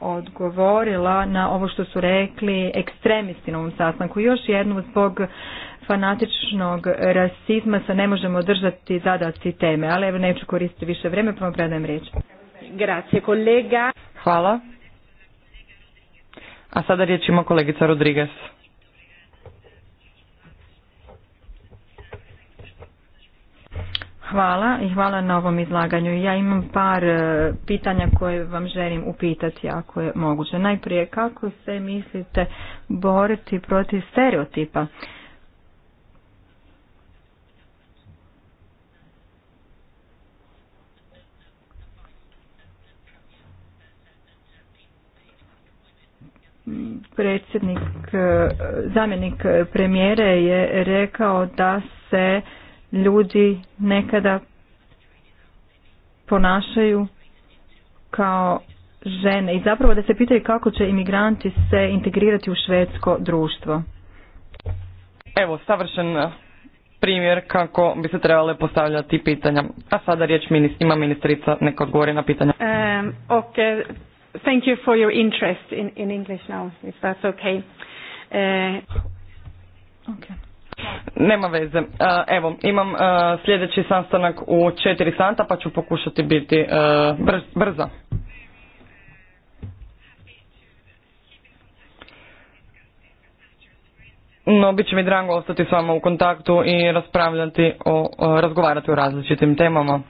odgovorila na ovo što su rekli ekstremisti na ovom sastanku. Još jednu, zbog fanatičnog rasizma se ne možemo držati zadaci teme, ali evo neću koristiti više vreme pa vam predajem riječ. Grazie kolega. Hvala. A sada riječ ima kolegica Rodriguez. Hvala i hvala na ovom izlaganju. Ja imam par e, pitanja koje vam želim upitati ako je moguće. Najprije kako se mislite boriti protiv stereotipa? predsjednik, zamjenik premijere je rekao da se ljudi nekada ponašaju kao žene i zapravo da se pitaju kako će imigranti se integrirati u švedsko društvo. Evo, savršen primjer kako bi se trebale postavljati pitanja. A sada riječ ima ministrica, neka odgovori na pitanja. E, ok, thank you for your interest in, in English now, if that's okay. Uh... okay. Nema veze. Uh, evo, imam uh, sljedeći sastanak u 4 sata pa ću pokušati biti uh, brza. No, bit će mi drago ostati s vama u kontaktu i raspravljati o, razgovarati o različitim temama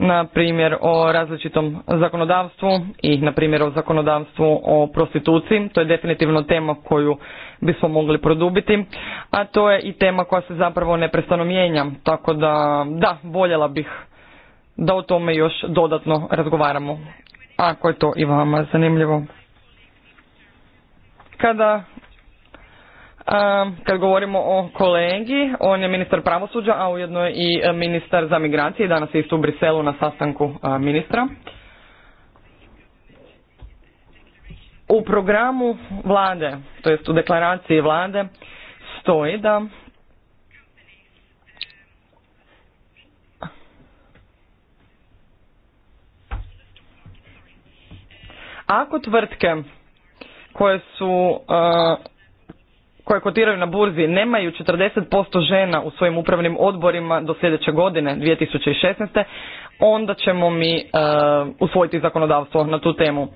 na primjer o različitom zakonodavstvu i na primjer o zakonodavstvu o prostituciji. To je definitivno tema koju bismo mogli produbiti, a to je i tema koja se zapravo neprestano mijenja. Tako da, da, voljela bih da o tome još dodatno razgovaramo, ako je to i vama zanimljivo. Kada kad govorimo o kolegi, on je ministar pravosuđa, a ujedno je i e, ministar za migracije. Danas je isto u Briselu na sastanku e, ministra. U programu vlade, to jest u deklaraciji vlade, stoji da ako tvrtke koje su e, koje kotiraju na burzi nemaju 40% žena u svojim upravnim odborima do sljedeće godine 2016. onda ćemo mi e, usvojiti zakonodavstvo na tu temu.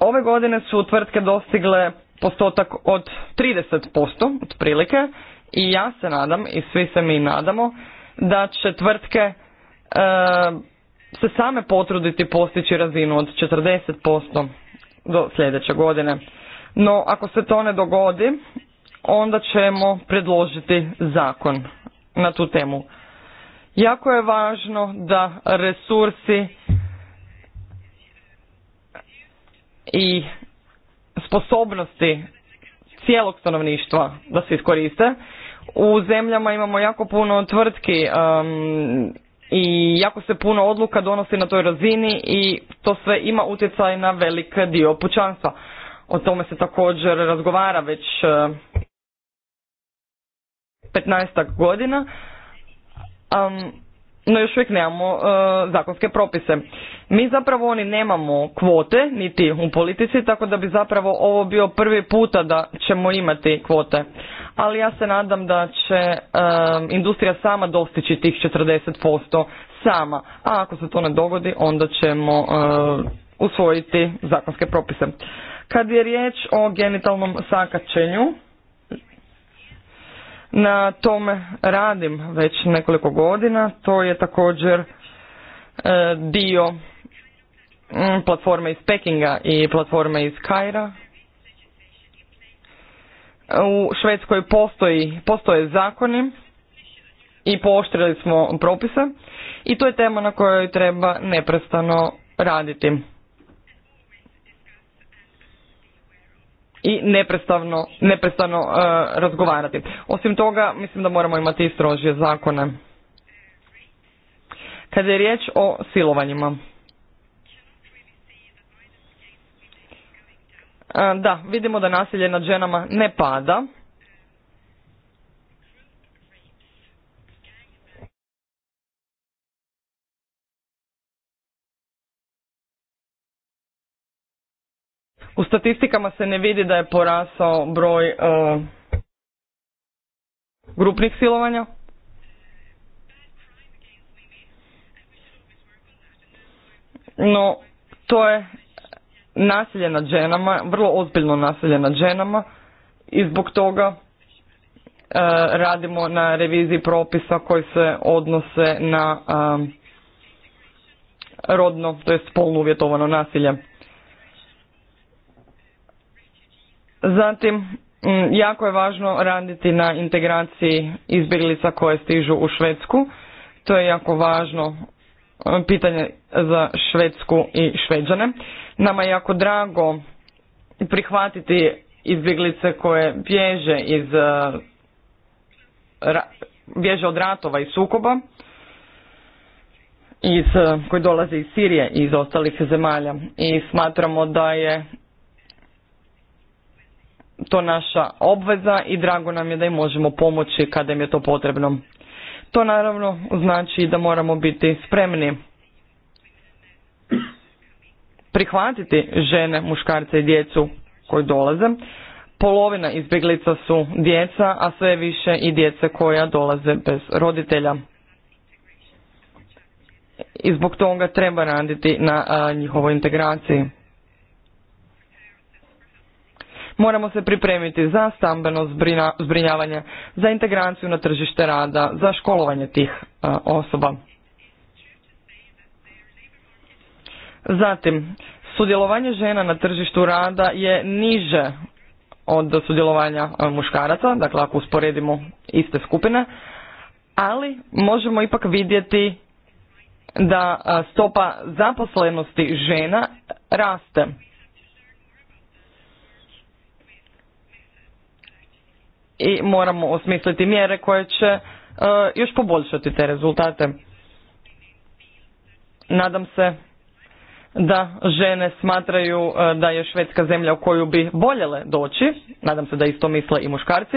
Ove godine su tvrtke dostigle postotak od 30% otprilike i ja se nadam i svi se mi nadamo da će tvrtke e, se same potruditi postići razinu od 40% do sljedeće godine. No, ako se to ne dogodi, onda ćemo predložiti zakon na tu temu. Jako je važno da resursi i sposobnosti cijelog stanovništva da se iskoriste. U zemljama imamo jako puno tvrtki um, i jako se puno odluka donosi na toj razini i to sve ima utjecaj na velik dio pućanstva. O tome se također razgovara već uh, 15 godina, no još uvijek nemamo e, zakonske propise. Mi zapravo oni nemamo kvote, niti u politici, tako da bi zapravo ovo bio prvi puta da ćemo imati kvote. Ali ja se nadam da će e, industrija sama dostići tih 40% sama, a ako se to ne dogodi onda ćemo e, usvojiti zakonske propise. Kad je riječ o genitalnom sakačenju, na tome radim već nekoliko godina, to je također e, dio mm, platforme iz Pekinga i platforme iz Kajra. U Švedskoj postoji, postoje zakoni i pooštrili smo propise i to je tema na kojoj treba neprestano raditi. i neprestano, e, razgovarati. Osim toga, mislim da moramo imati i zakone. Kada je riječ o silovanjima. E, da, vidimo da nasilje nad ženama ne pada, U statistikama se ne vidi da je porasao broj e, grupnih silovanja. No, to je nasilje nad ženama, vrlo ozbiljno nasilje nad ženama i zbog toga e, radimo na reviziji propisa koji se odnose na e, rodno, to je spolno uvjetovano nasilje. Zatim, mm, jako je važno raditi na integraciji izbjeglica koje stižu u Švedsku. To je jako važno e, pitanje za Švedsku i Šveđane. Nama je jako drago prihvatiti izbjeglice koje bježe iz e, bježe od ratova i sukoba iz, e, koji dolaze iz Sirije i iz ostalih zemalja i smatramo da je to naša obveza i drago nam je da im možemo pomoći kada im je to potrebno. To naravno znači da moramo biti spremni prihvatiti žene, muškarce i djecu koji dolaze. Polovina izbjeglica su djeca, a sve više i djece koja dolaze bez roditelja. I zbog toga treba raditi na njihovoj integraciji. Moramo se pripremiti za stambeno zbrinjavanje, za integraciju na tržište rada, za školovanje tih osoba. Zatim, sudjelovanje žena na tržištu rada je niže od sudjelovanja muškaraca, dakle ako usporedimo iste skupine, ali možemo ipak vidjeti da stopa zaposlenosti žena raste. i moramo osmisliti mjere koje će e, još poboljšati te rezultate. Nadam se da žene smatraju e, da je švedska zemlja u koju bi voljele doći, nadam se da isto misle i muškarci,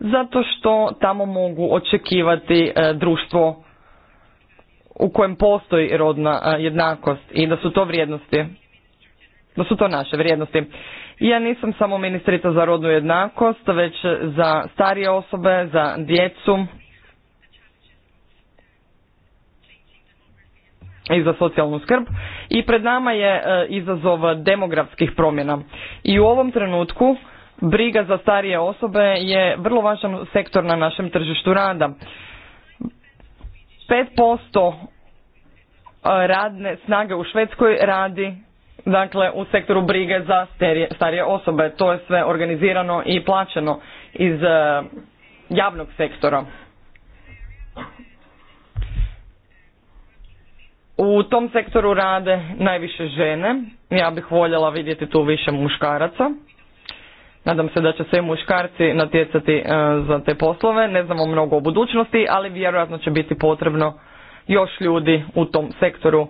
zato što tamo mogu očekivati e, društvo u kojem postoji rodna jednakost i da su to vrijednosti, da su to naše vrijednosti. Ja nisam samo ministrica za rodnu jednakost, već za starije osobe, za djecu i za socijalnu skrb. I pred nama je e, izazov demografskih promjena. I u ovom trenutku briga za starije osobe je vrlo važan sektor na našem tržištu rada. 5% e, radne snage u Švedskoj radi dakle u sektoru brige za starije osobe. To je sve organizirano i plaćeno iz e, javnog sektora. U tom sektoru rade najviše žene. Ja bih voljela vidjeti tu više muškaraca. Nadam se da će se muškarci natjecati e, za te poslove. Ne znamo mnogo o budućnosti, ali vjerojatno će biti potrebno još ljudi u tom sektoru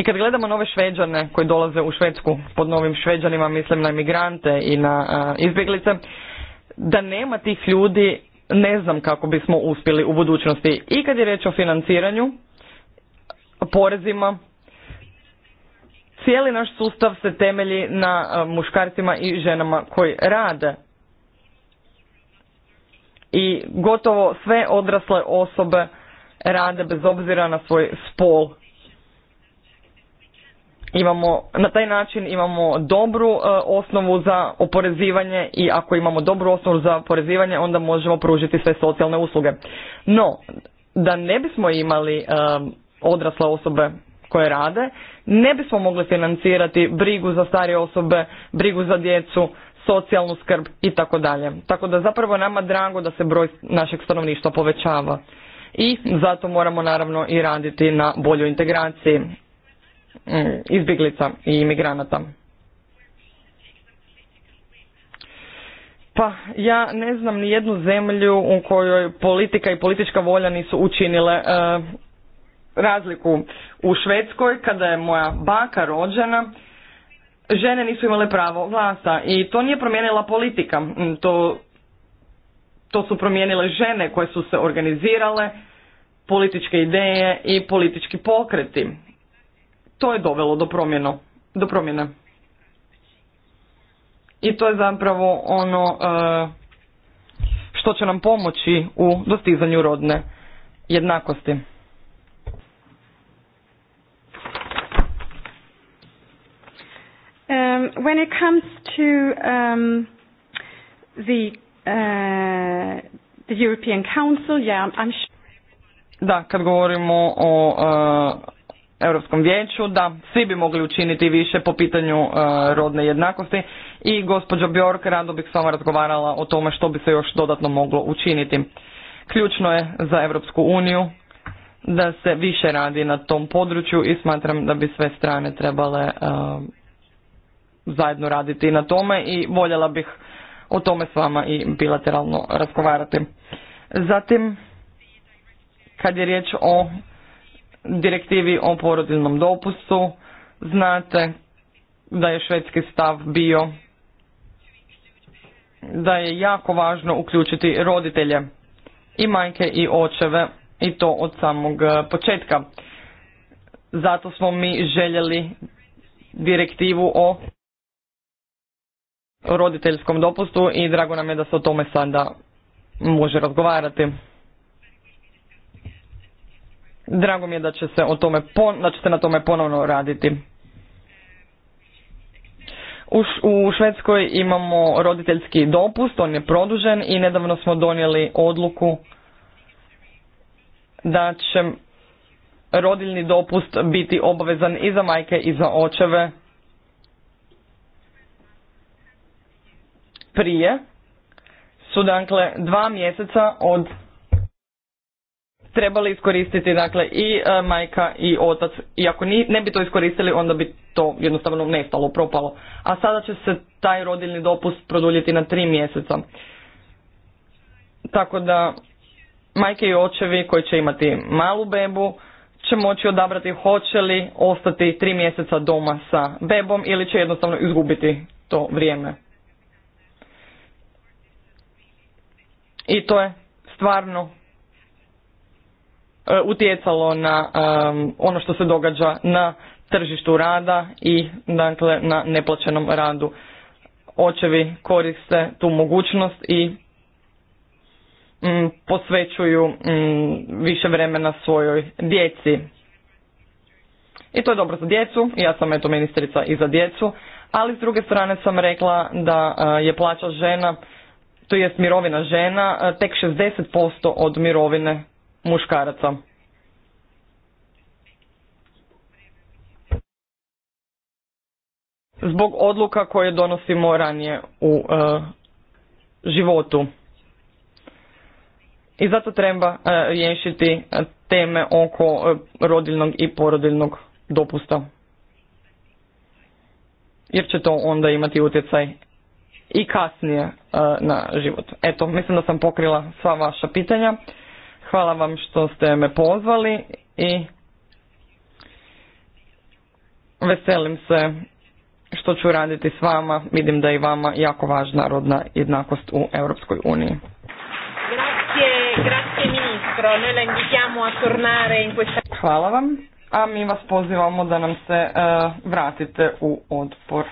I kad gledamo nove šveđane koji dolaze u Švedsku, pod novim šveđanima mislim na imigrante i na izbjeglice, da nema tih ljudi ne znam kako bismo uspjeli u budućnosti. I kad je reč o financiranju, porezima, cijeli naš sustav se temelji na muškarcima i ženama koji rade. I gotovo sve odrasle osobe rade bez obzira na svoj spol imamo, na taj način imamo dobru e, osnovu za oporezivanje i ako imamo dobru osnovu za oporezivanje onda možemo pružiti sve socijalne usluge. No, da ne bismo imali e, odrasle osobe koje rade, ne bismo mogli financirati brigu za starije osobe, brigu za djecu, socijalnu skrb i tako dalje. Tako da zapravo nama drago da se broj našeg stanovništva povećava. I zato moramo naravno i raditi na boljoj integraciji Mm, izbjeglica i imigranata. Pa ja ne znam ni jednu zemlju u kojoj politika i politička volja nisu učinile e, razliku. U Švedskoj, kada je moja baka rođena, žene nisu imale pravo glasa i to nije promijenila politika. Mm, to, to su promijenile žene koje su se organizirale, političke ideje i politički pokreti to je dovelo do, promjeno, do promjene. I to je zapravo ono e, što će nam pomoći u dostizanju rodne jednakosti. Um, when it comes to um, the, uh, the European Council, yeah, I'm sure... Da, kad govorimo o e, Europskom vijeću da svi bi mogli učiniti više po pitanju e, rodne jednakosti i gospođo Bjork rado bih s vama razgovarala o tome što bi se još dodatno moglo učiniti. Ključno je za Europsku uniju da se više radi na tom području i smatram da bi sve strane trebale e, zajedno raditi na tome i voljela bih o tome s vama i bilateralno razgovarati. Zatim, kad je riječ o direktivi o porodilnom dopustu. Znate da je švedski stav bio da je jako važno uključiti roditelje i majke i očeve i to od samog e, početka. Zato smo mi željeli direktivu o roditeljskom dopustu i drago nam je da se o tome sada može razgovarati. Drago mi je da će se, o tome, da će na tome ponovno raditi. U Švedskoj imamo roditeljski dopust, on je produžen i nedavno smo donijeli odluku da će rodiljni dopust biti obavezan i za majke i za očeve prije su dakle dva mjeseca od trebali iskoristiti dakle i e, majka i otac i ako ni, ne bi to iskoristili onda bi to jednostavno nestalo, propalo. A sada će se taj rodiljni dopust produljiti na tri mjeseca. Tako da majke i očevi koji će imati malu bebu će moći odabrati hoće li ostati tri mjeseca doma sa bebom ili će jednostavno izgubiti to vrijeme. I to je stvarno Eh, utjecalo na ono što se događa na tržištu rada i dakle na neplaćenom radu. Očevi koriste tu mogućnost i mm, posvećuju mm, više vremena svojoj djeci. I to je dobro za djecu, ja sam eto ministrica i za djecu, ali s druge strane sam rekla da eh, je plaća žena, to jest mirovina žena, eh, tek tek 60% od mirovine muškaraca. Zbog odluka koje donosimo ranije u e, životu. I zato treba e, riješiti teme oko e, rodiljnog i porodiljnog dopusta. Jer će to onda imati utjecaj i kasnije na život. Eto, mislim da sam pokrila sva vaša pitanja. Hvala vam što ste me pozvali i veselim se što ću raditi s vama. Vidim da je i vama jako važna rodna jednakost u Europskoj uniji. Hvala vam, a mi vas pozivamo da nam se eh, vratite u odpor.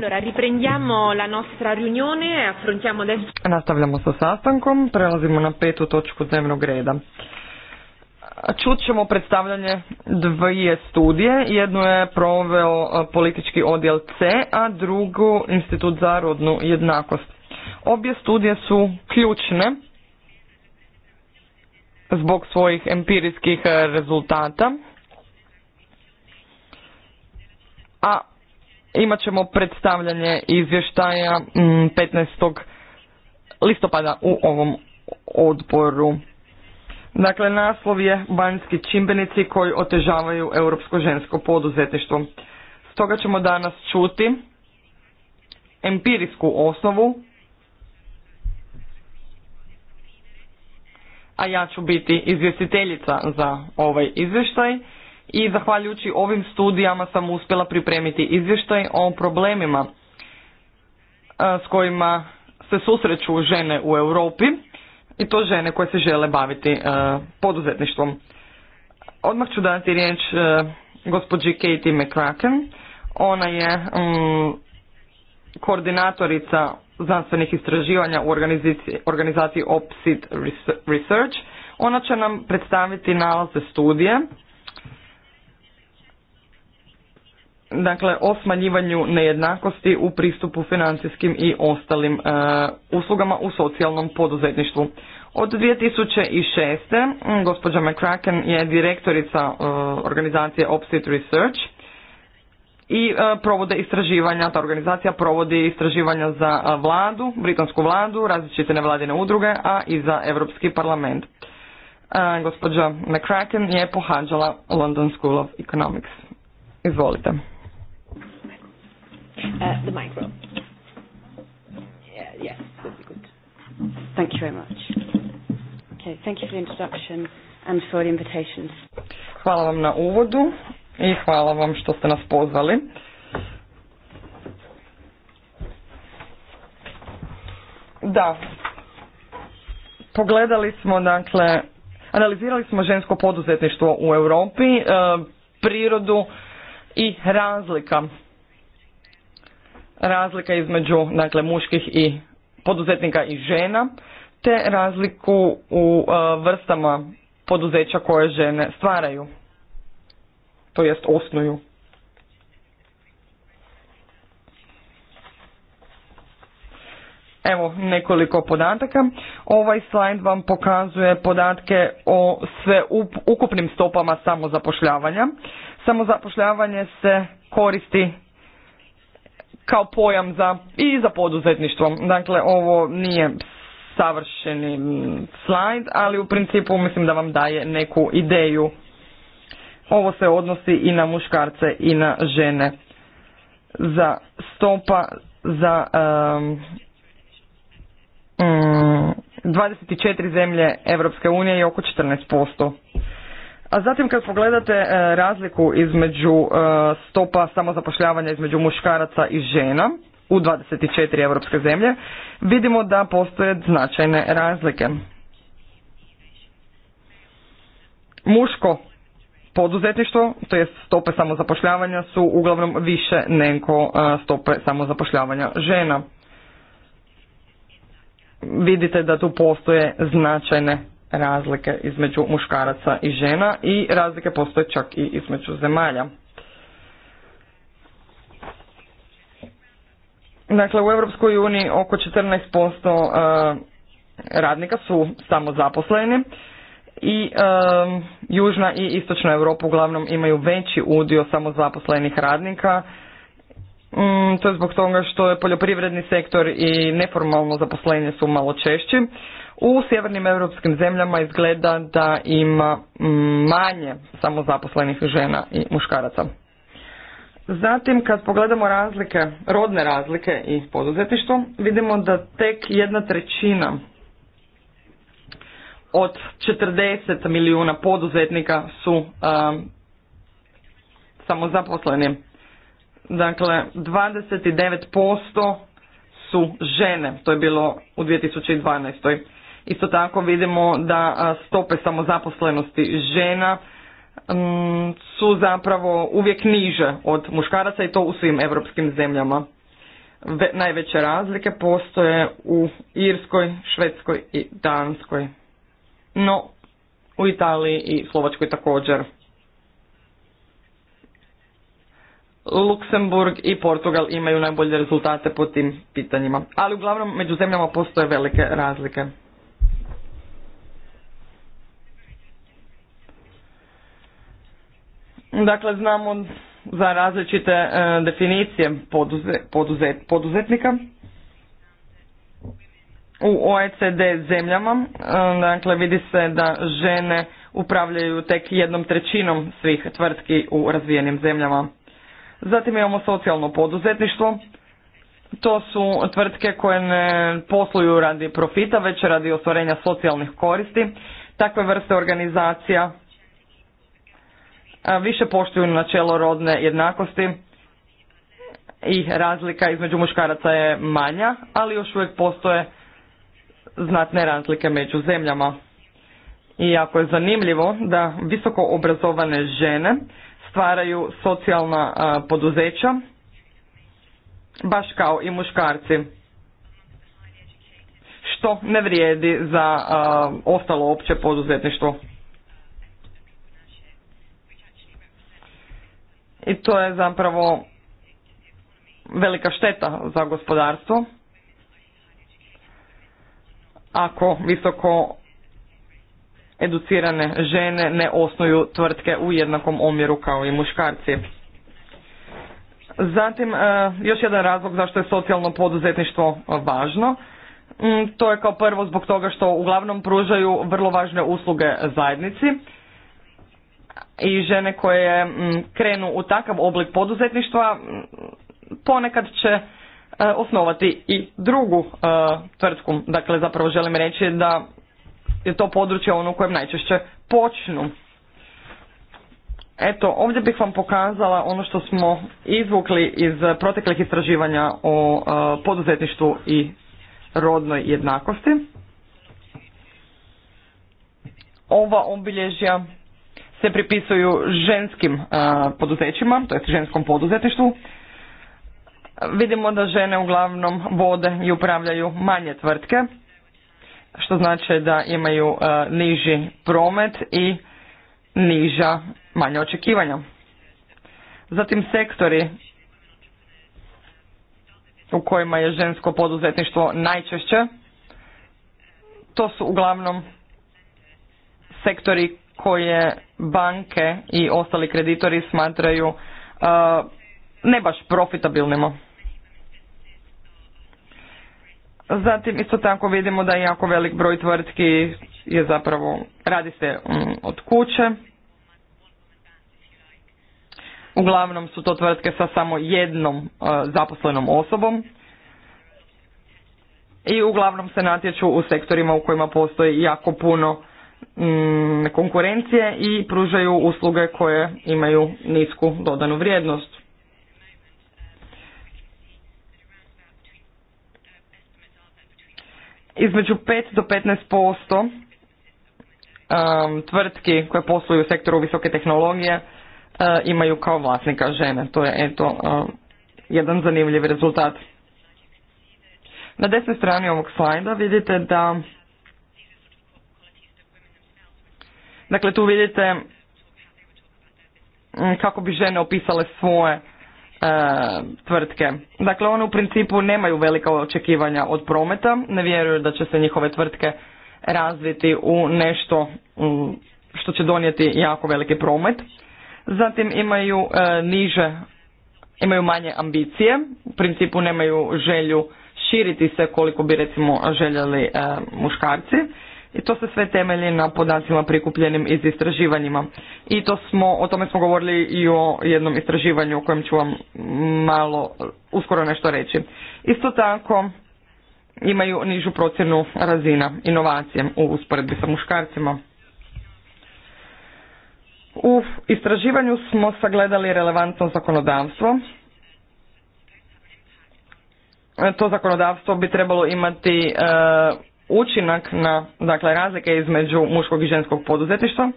Allora, riprendiamo la nostra riunione e affrontiamo adesso... Nastavljamo sa sastankom, prelazimo na petu točku dnevnog reda. Čut ćemo predstavljanje dvije studije. Jednu je proveo e, politički odjel C, a drugu Institut za rodnu jednakost. Obje studije su ključne zbog svojih empirijskih e, rezultata imat ćemo predstavljanje izvještaja 15. Mm, listopada u ovom odboru. Dakle, naslov je vanjski čimbenici koji otežavaju europsko žensko poduzetništvo. Stoga ćemo danas čuti empirijsku osnovu, a ja ću biti izvjestiteljica za ovaj izvještaj i zahvaljujući ovim studijama sam uspjela pripremiti izvještaj o problemima e, s kojima se susreću žene u Europi i to žene koje se žele baviti e, poduzetništvom. Odmah ću dati riječ e, gospođi Katie McCracken. Ona je mm, koordinatorica znanstvenih istraživanja u organizaciji, organizaciji Opsid Research. Ona će nam predstaviti nalaze studije dakle o smanjivanju nejednakosti u pristupu financijskim i ostalim e, uslugama u socijalnom poduzetništvu. Od 2006. gospođa McCracken je direktorica e, organizacije Opsit Research i e, provode istraživanja, ta organizacija provodi istraživanja za vladu, britansku vladu, različite nevladine udruge, a i za Europski parlament. Gospođa McCracken je pohađala London School of Economics. Izvolite uh, the micro. Yeah, yes, would be good. Thank you very much. Okay, thank you for the introduction and for the invitations. Hvala vam na uvodu i hvala vam što ste nas pozvali. Da, pogledali smo, dakle, analizirali smo žensko poduzetništvo u Europi, e, prirodu i razlika razlika između dakle, muških i poduzetnika i žena, te razliku u e, vrstama poduzeća koje žene stvaraju, to jest osnuju. Evo nekoliko podataka. Ovaj slajd vam pokazuje podatke o sve ukupnim stopama samozapošljavanja. Samozapošljavanje se koristi kao pojam za i za poduzetništvo. Dakle, ovo nije savršeni mm, slajd, ali u principu mislim da vam daje neku ideju. Ovo se odnosi i na muškarce i na žene. Za stopa za um, um, 24 zemlje Europske unije je oko 14%. A zatim kad pogledate e, razliku između e, stopa samozapošljavanja između muškaraca i žena u 24 europske zemlje, vidimo da postoje značajne razlike. Muško poduzetništvo, to je stope samozapošljavanja su uglavnom više nego e, stope samozapošljavanja žena. Vidite da tu postoje značajne razlike između muškaraca i žena i razlike postoje čak i između zemalja. Dakle, u Europskoj uniji oko 14% e, radnika su samozaposleni i e, Južna i Istočna Europa uglavnom imaju veći udio samozaposlenih radnika. Mm, to je zbog toga što je poljoprivredni sektor i neformalno zaposlenje su malo češći u sjevernim europskim zemljama izgleda da ima mm, manje samozaposlenih žena i muškaraca. Zatim kad pogledamo razlike, rodne razlike i poduzetništvo, vidimo da tek jedna trećina od 40 milijuna poduzetnika su um, samozaposleni. Dakle, 29% su žene, to je bilo u 2012. Isto tako vidimo da stope samozaposlenosti žena mm, su zapravo uvijek niže od muškaraca i to u svim europskim zemljama. Najveće razlike postoje u Irskoj, Švedskoj i Danskoj. No, u Italiji i Slovačkoj također. Luksemburg i Portugal imaju najbolje rezultate po tim pitanjima, ali uglavnom među zemljama postoje velike razlike. Dakle, znamo za različite e, definicije poduzetnika. U OECD zemljama, e, dakle, vidi se da žene upravljaju tek jednom trećinom svih tvrtki u razvijenim zemljama. Zatim imamo socijalno poduzetništvo. To su tvrtke koje ne posluju radi profita, već radi ostvarenja socijalnih koristi. Takve vrste organizacija više poštuju načelo rodne jednakosti i razlika između muškaraca je manja, ali još uvijek postoje znatne razlike među zemljama. I je zanimljivo da visoko obrazovane žene stvaraju socijalna poduzeća, baš kao i muškarci, što ne vrijedi za ostalo opće poduzetništvo. i to je zapravo velika šteta za gospodarstvo. Ako visoko educirane žene ne osnuju tvrtke u jednakom omjeru kao i muškarci. Zatim, e, još jedan razlog zašto je socijalno poduzetništvo važno. Mm, to je kao prvo zbog toga što uglavnom pružaju vrlo važne usluge zajednici i žene koje mm, krenu u takav oblik poduzetništva mm, ponekad će e, osnovati i drugu e, tvrtku. Dakle, zapravo želim reći da je to područje ono u kojem najčešće počnu. Eto, ovdje bih vam pokazala ono što smo izvukli iz proteklih istraživanja o e, poduzetništvu i rodnoj jednakosti. Ova obilježja se pripisuju ženskim poduzećima, to ženskom poduzetništvu. Vidimo da žene uglavnom vode i upravljaju manje tvrtke, što znači da imaju niži promet i niža manja očekivanja. Zatim sektori u kojima je žensko poduzetništvo najčešće, to su uglavnom sektori koje banke i ostali kreditori smatraju uh, ne baš profitabilnima. Zatim isto tako vidimo da je jako velik broj tvrtki je zapravo, radi se um, od kuće. Uglavnom su to tvrtke sa samo jednom uh, zaposlenom osobom i uglavnom se natječu u sektorima u kojima postoji jako puno Mm, konkurencije i pružaju usluge koje imaju nisku dodanu vrijednost. Između 5 do 15% um, tvrtki koje posluju u sektoru visoke tehnologije uh, imaju kao vlasnika žene. To je eto um, jedan zanimljiv rezultat. Na desnoj strani ovog slajda vidite da Dakle, tu vidite mm, kako bi žene opisale svoje e, tvrtke. Dakle, one u principu nemaju velika očekivanja od prometa, ne vjeruju da će se njihove tvrtke razviti u nešto mm, što će donijeti jako veliki promet. Zatim imaju e, niže, imaju manje ambicije, u principu nemaju želju širiti se koliko bi recimo željeli e, muškarci i to se sve temelji na podacima prikupljenim iz istraživanjima. I to smo, o tome smo govorili i o jednom istraživanju o kojem ću vam malo uskoro nešto reći. Isto tako imaju nižu procjenu razina inovacije u usporedbi sa muškarcima. U istraživanju smo sagledali relevantno zakonodavstvo. E, to zakonodavstvo bi trebalo imati e, učinak na dakle, razlike između muškog i ženskog poduzetništva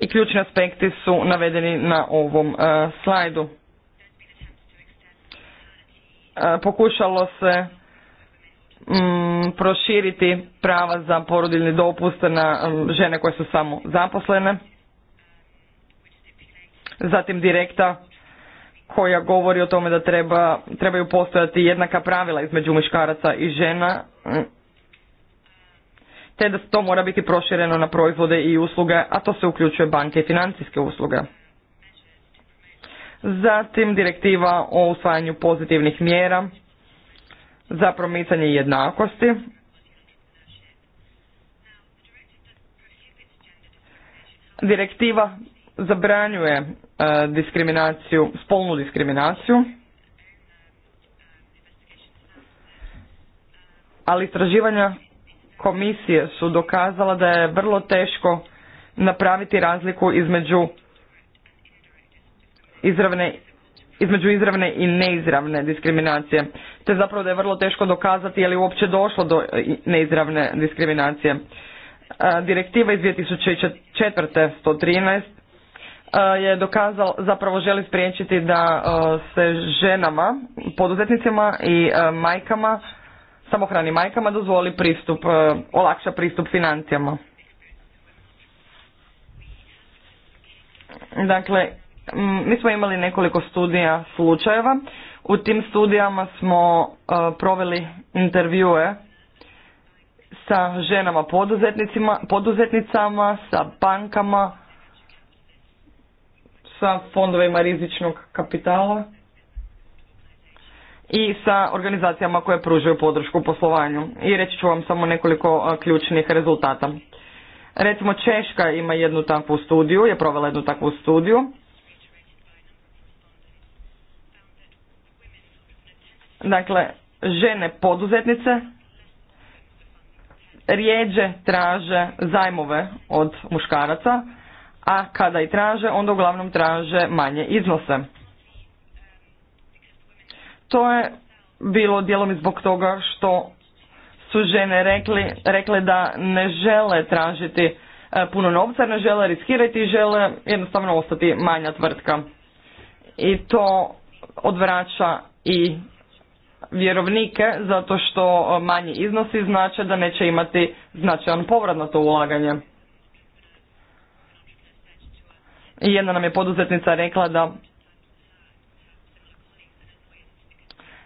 i ključni aspekti su navedeni na ovom e, slajdu. E, pokušalo se mm, proširiti prava za porodiljni dopust na žene koje su samo zaposlene. Zatim direkta koja govori o tome da treba, trebaju postojati jednaka pravila između muškaraca i žena te da to mora biti prošireno na proizvode i usluge, a to se uključuje banke i financijske usluge. Zatim direktiva o usvajanju pozitivnih mjera za promicanje jednakosti. Direktiva zabranjuje e, diskriminaciju, spolnu diskriminaciju. ali istraživanja komisije su dokazala da je vrlo teško napraviti razliku između izravne između izravne i neizravne diskriminacije. Te zapravo da je vrlo teško dokazati je li uopće došlo do neizravne diskriminacije. E, direktiva iz 2004. 113 e, je dokazala, zapravo želi spriječiti da e, se ženama, poduzetnicima i majkama samohranim majkama dozvoli pristup, e, olakša pristup financijama. Dakle, mi smo imali nekoliko studija slučajeva. U tim studijama smo e, proveli intervjue sa ženama poduzetnicama, sa bankama, sa fondovima rizičnog kapitala i sa organizacijama koje pružaju podršku poslovanju. I reći ću vam samo nekoliko ključnih rezultata. Recimo Češka ima jednu takvu studiju, je provela jednu takvu studiju. Dakle, žene poduzetnice rijeđe traže zajmove od muškaraca, a kada i traže, onda uglavnom traže manje iznose. To je bilo dijelom i zbog toga što su žene rekli, rekle da ne žele tražiti e, puno novca, ne žele riskirati i žele jednostavno ostati manja tvrtka. I to odvraća i vjerovnike zato što e, manji iznosi znače da neće imati značajan povrat na to ulaganje. I jedna nam je poduzetnica rekla da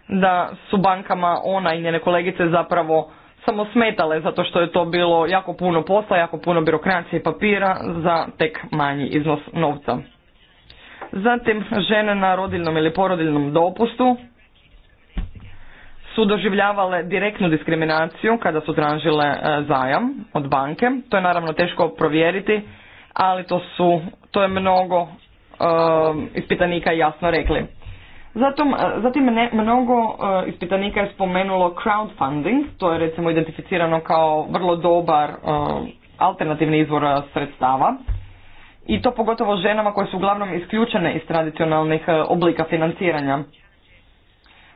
da su bankama ona i njene kolegice zapravo samo smetale zato što je to bilo jako puno posla, jako puno birokracije i papira za tek manji iznos novca. Zatim žene na rodiljnom ili porodiljnom dopustu su doživljavale direktnu diskriminaciju kada su tražile e, zajam od banke. To je naravno teško provjeriti, ali to su, to je mnogo e, ispitanika jasno rekli. E, zatim, zatim mnogo e, ispitanika je spomenulo crowdfunding, to je recimo identificirano kao vrlo dobar e, alternativni izvor sredstava i to pogotovo ženama koje su uglavnom isključene iz tradicionalnih oblika financiranja.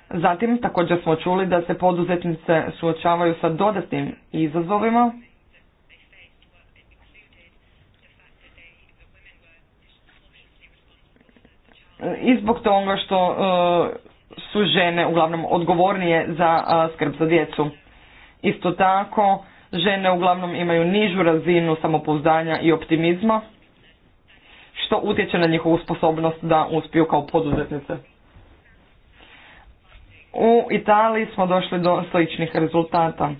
Zatim također smo čuli da se poduzetnice suočavaju sa dodatnim izazovima i zbog toga što e, su žene uglavnom odgovornije za e, skrb za djecu. Isto tako, žene uglavnom imaju nižu razinu samopouzdanja i optimizma, što utječe na njihovu sposobnost da uspiju kao poduzetnice. U Italiji smo došli do sličnih rezultata.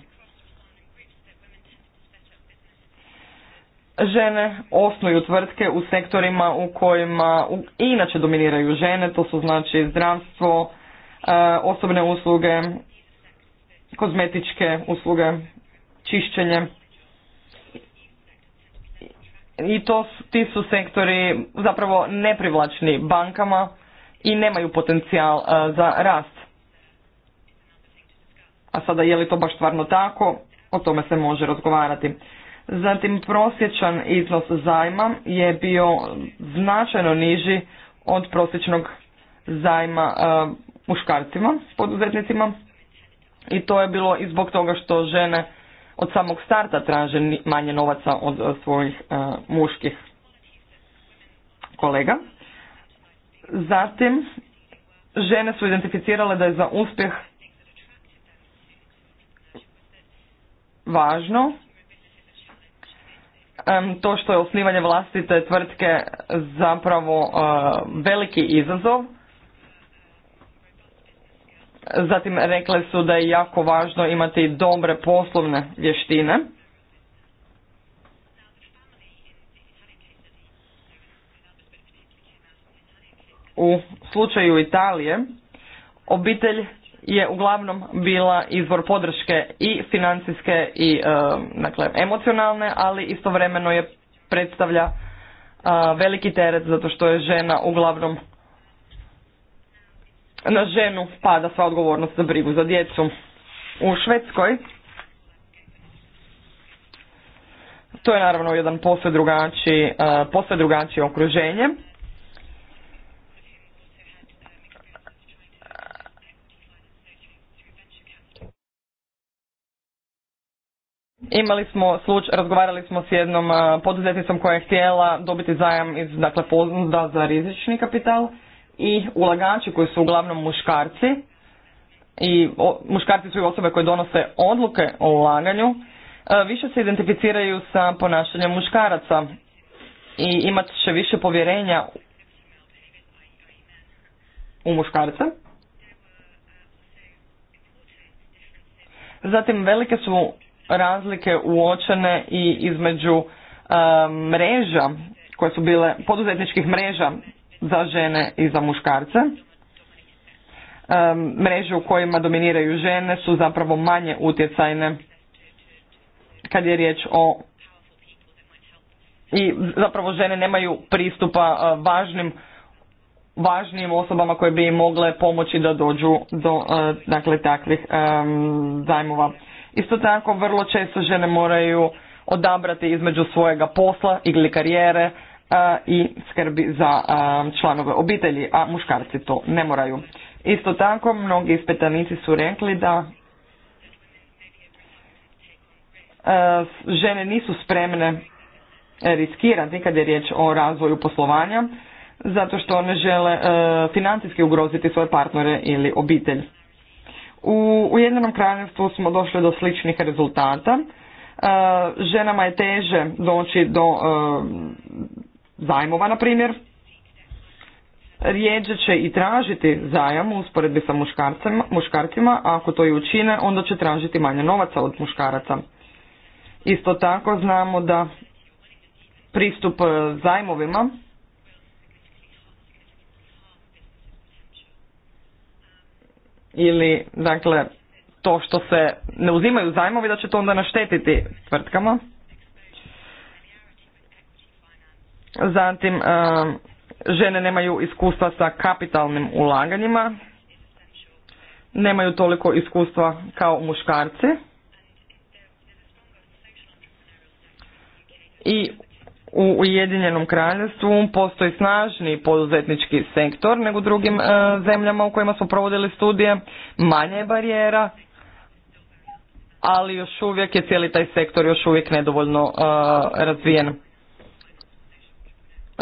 žene osnuju tvrtke u sektorima u kojima inače dominiraju žene, to su znači zdravstvo, e, osobne usluge, kozmetičke usluge, čišćenje. I to, ti su sektori zapravo neprivlačni bankama i nemaju potencijal e, za rast. A sada je li to baš stvarno tako, o tome se može razgovarati. Zatim prosječan iznos zajma je bio značajno niži od prosječnog zajma e, muškarcima, poduzetnicima i to je bilo i zbog toga što žene od samog starta traže manje novaca od e, svojih e, muških kolega. Zatim, žene su identificirale da je za uspjeh važno to što je osnivanje vlastite tvrtke zapravo e, veliki izazov. Zatim rekle su da je jako važno imati dobre poslovne vještine. U slučaju Italije obitelj je uglavnom bila izvor podrške i financijske i e, dakle emocionalne, ali istovremeno je predstavlja e, veliki teret zato što je žena uglavnom na ženu pada sva odgovornost za brigu za djecu. U Švedskoj to je naravno jedan posve drugačiji, e, posve drugačije okruženje. Imali smo slučaj, razgovarali smo s jednom poduzetnicom koja je htjela dobiti zajam iz dakle fonda za rizični kapital i ulagači koji su uglavnom muškarci i o, muškarci su i osobe koje donose odluke o ulaganju više se identificiraju sa ponašanjem muškaraca i imat će više povjerenja u muškarce. Zatim velike su razlike uočene i između mreža koje su bile poduzetničkih mreža za žene i za muškarce. Mreže u kojima dominiraju žene su zapravo manje utjecajne kad je riječ o i zapravo žene nemaju pristupa važnim važnijim osobama koje bi im mogle pomoći da dođu do dakle takvih zajmova. Isto tako vrlo često žene moraju odabrati između svojega posla ili karijere e, i skrbi za e, članove obitelji, a muškarci to ne moraju. Isto tako mnogi ispetanici su rekli da e, žene nisu spremne riskirati kad je riječ o razvoju poslovanja zato što one žele financijski ugroziti svoje partnere ili obitelj. U Ujedinjenom kraljevstvu smo došli do sličnih rezultata. E, ženama je teže doći do e, zajmova, na primjer. Rijeđe će i tražiti zajam u usporedbi sa muškarcima, a ako to i učine, onda će tražiti manje novaca od muškaraca. Isto tako znamo da pristup e, zajmovima ili dakle to što se ne uzimaju zajmovi da će to onda naštetiti tvrtkama. Zatim um, žene nemaju iskustva sa kapitalnim ulaganjima, nemaju toliko iskustva kao muškarci. I u Ujedinjenom kraljevstvu postoji snažni poduzetnički sektor nego u drugim e, zemljama u kojima smo provodili studije, manje je barijera, ali još uvijek je cijeli taj sektor još uvijek nedovoljno e, razvijen.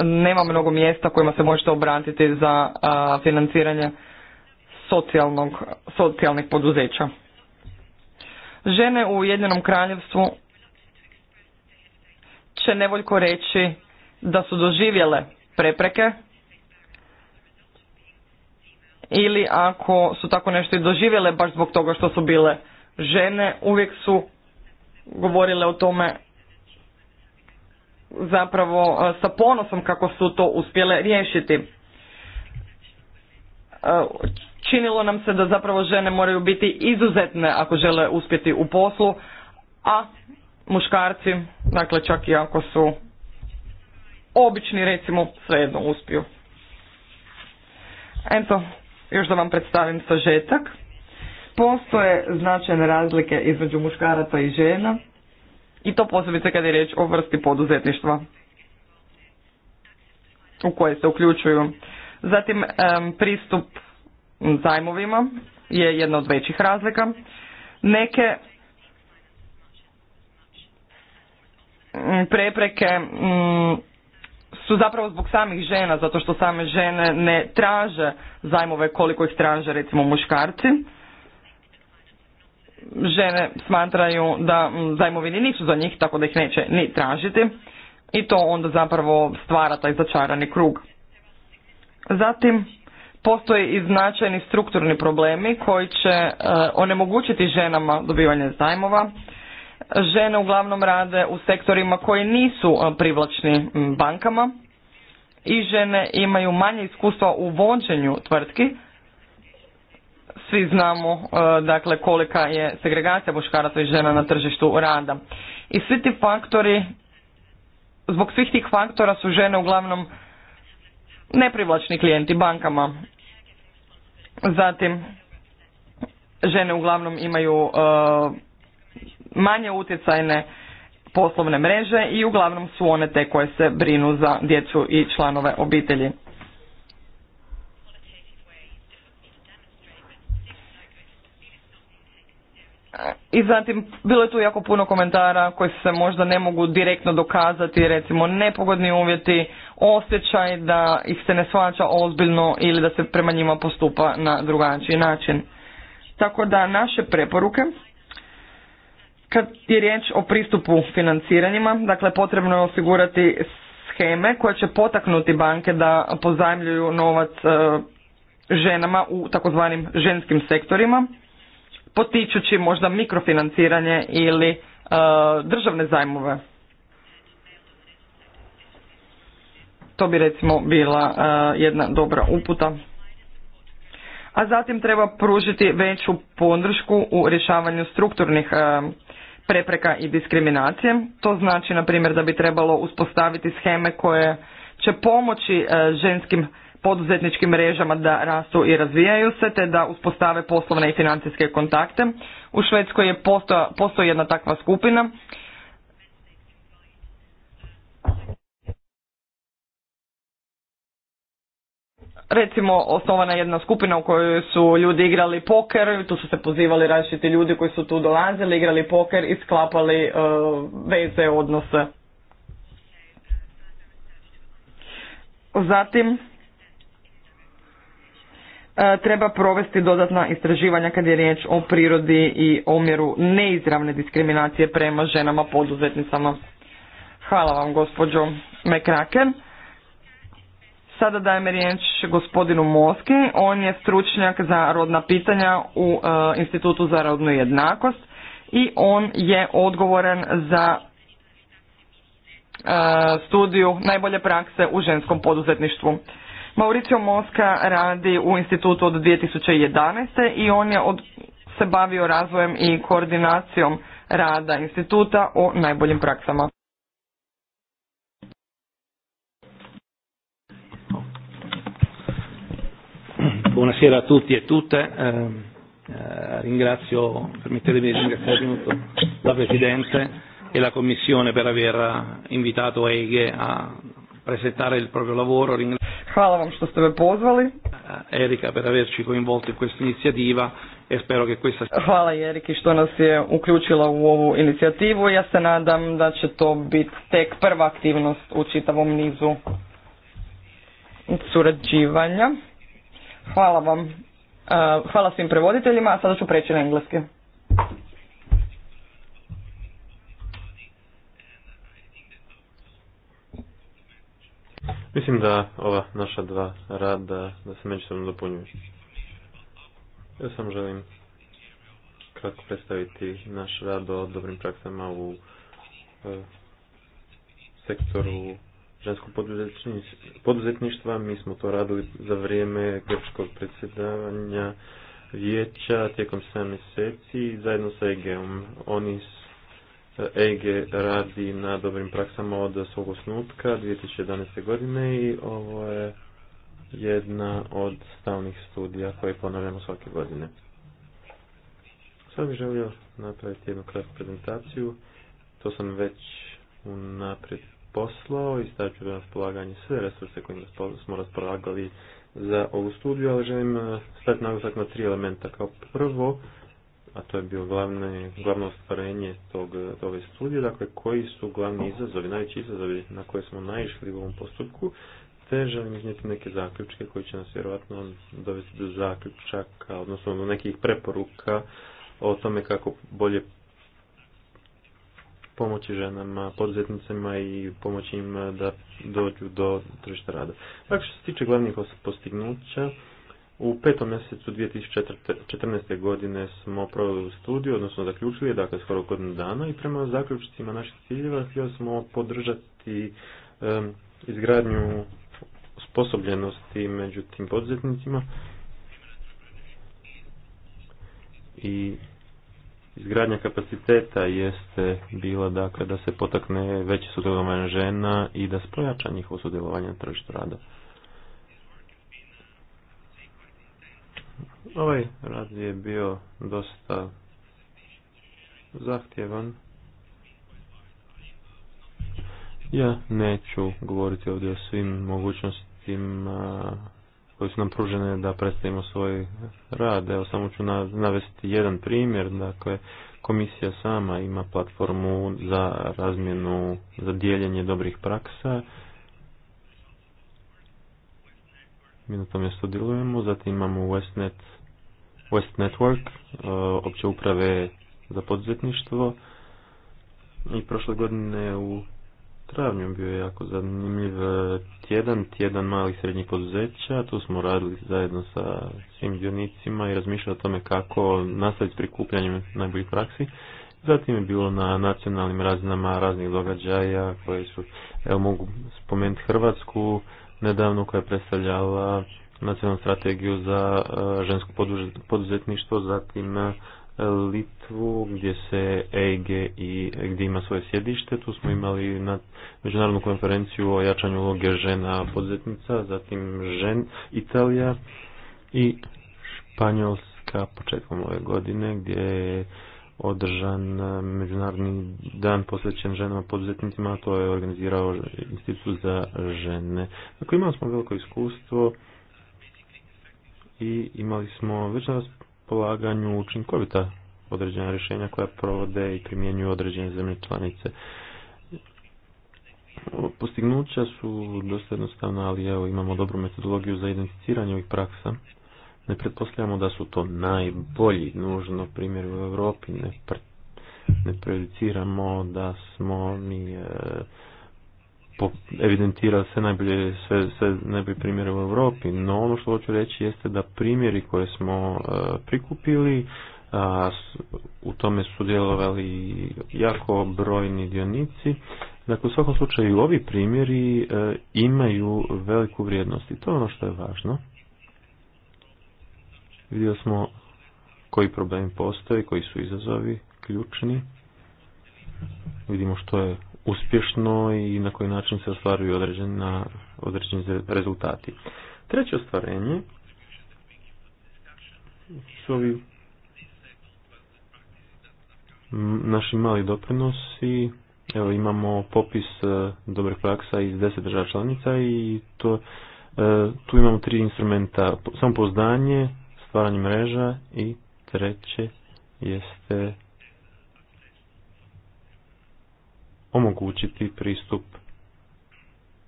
Nema mnogo mjesta kojima se možete obratiti za e, financiranje socijalnog, socijalnih poduzeća. Žene u Ujedinjenom kraljevstvu će nevoljko reći da su doživjele prepreke ili ako su tako nešto i doživjele baš zbog toga što su bile žene, uvijek su govorile o tome zapravo e, sa ponosom kako su to uspjele riješiti. E, činilo nam se da zapravo žene moraju biti izuzetne ako žele uspjeti u poslu, a muškarci, dakle čak i ako su obični recimo svejedno uspiju. Eto, još da vam predstavim sažetak. Postoje značajne razlike između muškaraca i žena i to posebice kada je riječ o vrsti poduzetništva u koje se uključuju. Zatim pristup zajmovima je jedna od većih razlika. Neke Mm, prepreke mm, su zapravo zbog samih žena, zato što same žene ne traže zajmove koliko ih traže recimo muškarci. Žene smatraju da mm, zajmovi nisu za njih, tako da ih neće ni tražiti i to onda zapravo stvara taj začarani krug. Zatim, postoje i značajni strukturni problemi koji će eh, onemogućiti ženama dobivanje zajmova Žene uglavnom rade u sektorima koji nisu e, privlačni bankama i žene imaju manje iskustva u vođenju tvrtki. Svi znamo e, dakle kolika je segregacija muškaraca i žena na tržištu rada. I svi ti faktori, zbog svih tih faktora su žene uglavnom neprivlačni klijenti bankama. Zatim, žene uglavnom imaju e, manje utjecajne poslovne mreže i uglavnom su one te koje se brinu za djecu i članove obitelji. I zatim, bilo je tu jako puno komentara koji se možda ne mogu direktno dokazati, recimo nepogodni uvjeti, osjećaj da ih se ne svača ozbiljno ili da se prema njima postupa na drugačiji način. Tako da naše preporuke kad je riječ o pristupu financiranjima, dakle potrebno je osigurati scheme koje će potaknuti banke da pozajmljuju novac e, ženama u takozvanim ženskim sektorima, potičući možda mikrofinanciranje ili e, državne zajmove. To bi recimo bila e, jedna dobra uputa. A zatim treba pružiti veću podršku u rješavanju strukturnih prepreka i diskriminacije. To znači, na primjer, da bi trebalo uspostaviti scheme koje će pomoći e, ženskim poduzetničkim mrežama da rastu i razvijaju se, te da uspostave poslovne i financijske kontakte. U Švedskoj je postoji jedna takva skupina recimo osnovana jedna skupina u kojoj su ljudi igrali poker, tu su se pozivali različiti ljudi koji su tu dolazili, igrali poker i sklapali uh, veze, odnose. Zatim e, treba provesti dodatna istraživanja kad je riječ o prirodi i omjeru neizravne diskriminacije prema ženama poduzetnicama. Hvala vam gospođo Mekraken. Sada dajem riječ gospodinu Moski. On je stručnjak za rodna pitanja u e, Institutu za rodnu jednakost i on je odgovoran za e, studiju najbolje prakse u ženskom poduzetništvu. Mauricio Moska radi u institutu od 2011. i on je od, se bavio razvojem i koordinacijom rada instituta o najboljim praksama. buonasera a tutti e tutte. Ehm, eh, ringrazio, permettetemi di ringraziare tutto la Presidente e la Commissione per aver invitato Eige a presentare il proprio lavoro. Ringrazio Hvala vam što ste pozvali. Eh, Erika per averci coinvolto in questa iniziativa e spero che questa... Hvala Eriki što nas je uključila u ovu inicijativu. Ja se nadam da će to biti tek prva aktivnost u čitavom nizu surađivanja. Hvala vam. E, hvala svim prevoditeljima, a sada ću preći na engleski. Mislim da ova naša dva rada da se međusobno dopunjuju. Ja sam želim kratko predstaviti naš rad o dobrim praksama u e, sektoru ženskog poduzetništva. Mi smo to radili za vrijeme grčkog predsjedavanja vijeća tijekom 7 mjeseci zajedno sa EG-om. Oni EG e radi na dobrim praksama od svog osnutka 2011. godine i ovo je jedna od stalnih studija koje ponavljamo svake godine. Sada bih želio napraviti jednu kratku prezentaciju. To sam već unaprijed poslao i stavit ću na raspolaganje sve resurse kojima smo raspolagali za ovu studiju, ali želim e, staviti naglasak na tri elementa. Kao prvo, a to je bio glavne, glavno ostvarenje tog, ove studije, dakle koji su glavni izazovi, najveći izazovi na koje smo naišli u ovom postupku, te želim iznijeti neke zaključke koji će nas vjerojatno dovesti do zaključaka, odnosno do nekih preporuka o tome kako bolje pomoći ženama, poduzetnicama i pomoći im eh, da dođu do tržišta rada. Dakle, što se tiče glavnih postignuća, u petom mjesecu 2014. godine smo proveli u studiju, odnosno zaključili, dakle skoro godinu dana i prema zaključicima naših ciljeva htjeli smo podržati izgradnju sposobljenosti među tim poduzetnicima i izgradnja kapaciteta jeste bila dakle da se potakne veće sudjelovanje žena i da spojača njihovo sudjelovanje na tržištu rada. Ovaj rad je bio dosta zahtjevan. Ja neću govoriti ovdje o svim mogućnostima koje su nam pružene da predstavimo svoj rad. Evo samo ću navesti jedan primjer, dakle komisija sama ima platformu za razmjenu, za dijeljenje dobrih praksa. Mi na mjestu sudjelujemo, zatim imamo Westnet, West Network, e, opće uprave za poduzetništvo i prošle godine u travnju bio je jako zanimljiv e, tjedan, tjedan malih srednjih poduzeća. Tu smo radili zajedno sa svim dionicima i razmišljali o tome kako nastaviti s prikupljanjem najboljih praksi. Zatim je bilo na nacionalnim razinama raznih događaja koje su, evo mogu spomenuti Hrvatsku, nedavno koja je predstavljala nacionalnu strategiju za e, žensko poduzetništvo, zatim e, Litvu gdje se EG i gdje ima svoje sjedište. Tu smo imali na međunarodnu konferenciju o jačanju uloge žena poduzetnica, zatim žen Italija i Španjolska početkom ove godine gdje je održan međunarodni dan posvećen ženama poduzetnicima, to je organizirao institut za žene. Dakle, imali smo veliko iskustvo i imali smo već raspolaganju učinkovita određena rješenja koja provode i primjenjuju određene zemlje članice. Postignuća su dosta jednostavna, ali evo imamo dobru metodologiju za identificiranje ovih praksa. Ne pretpostavljamo da su to najbolji nužno primjer u Europi, ne, pre, ne prejudiciramo da smo mi e, evidentira sve najbolje, sve, sve najbolje primjere u Europi, no ono što hoću reći jeste da primjeri koje smo e, prikupili, a, u tome su djelovali jako brojni dionici, dakle u svakom slučaju ovi primjeri e, imaju veliku vrijednost i to je ono što je važno. Vidjeli smo koji problemi postoje, koji su izazovi ključni. Vidimo što je uspješno i na koji način se ostvaruju određeni rezultati. Treće ostvarenje su ovi naši mali doprinosi. Evo imamo popis e, dobrih praksa iz deset država članica i to, e, tu imamo tri instrumenta. Samopoznanje, stvaranje mreža i treće jeste omogućiti pristup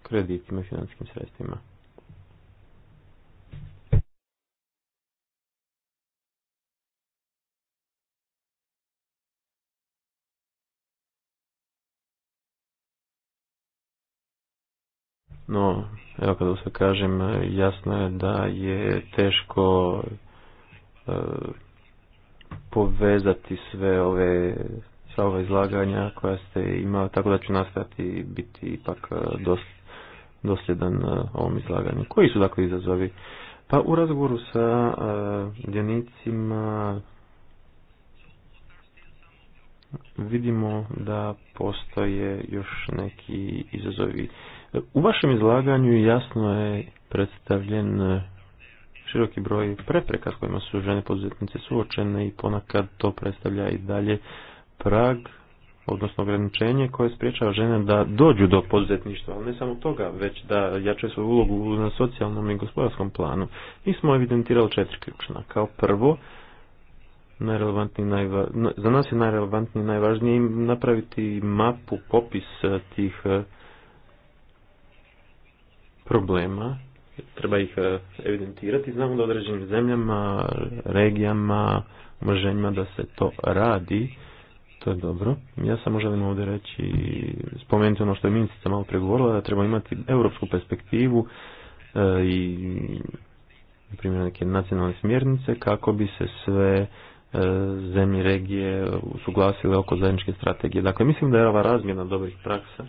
kreditima i financijskim sredstvima. No, evo kada se kažem, jasno je da je teško e, povezati sve ove sva ova izlaganja koja ste imali, tako da ću nastaviti biti ipak e, dosljedan e, ovom izlaganju. Koji su dakle izazovi? Pa u razgovoru sa e, djenicima vidimo da postoje još neki izazovi. U vašem izlaganju jasno je predstavljen široki broj prepreka s kojima su žene poduzetnice suočene i ponakad to predstavlja i dalje prag, odnosno ograničenje koje spriječava žene da dođu do poduzetništva, ali ne samo toga, već da jače svoju ulogu na socijalnom i gospodarskom planu. Mi smo evidentirali četiri ključna. Kao prvo, za nas je najrelevantnije i napraviti mapu, popis e, tih e, problema, treba ih e, evidentirati. Znamo da određenim zemljama, regijama, umrženjima da se to radi, to je dobro. Ja samo želim ovdje reći, spomenuti ono što je ministrica malo pregovorila, da treba imati europsku perspektivu e, i na primjer neke nacionalne smjernice kako bi se sve e, zemlje regije usuglasile oko zajedničke strategije. Dakle, mislim da je ova razmjena dobrih praksa,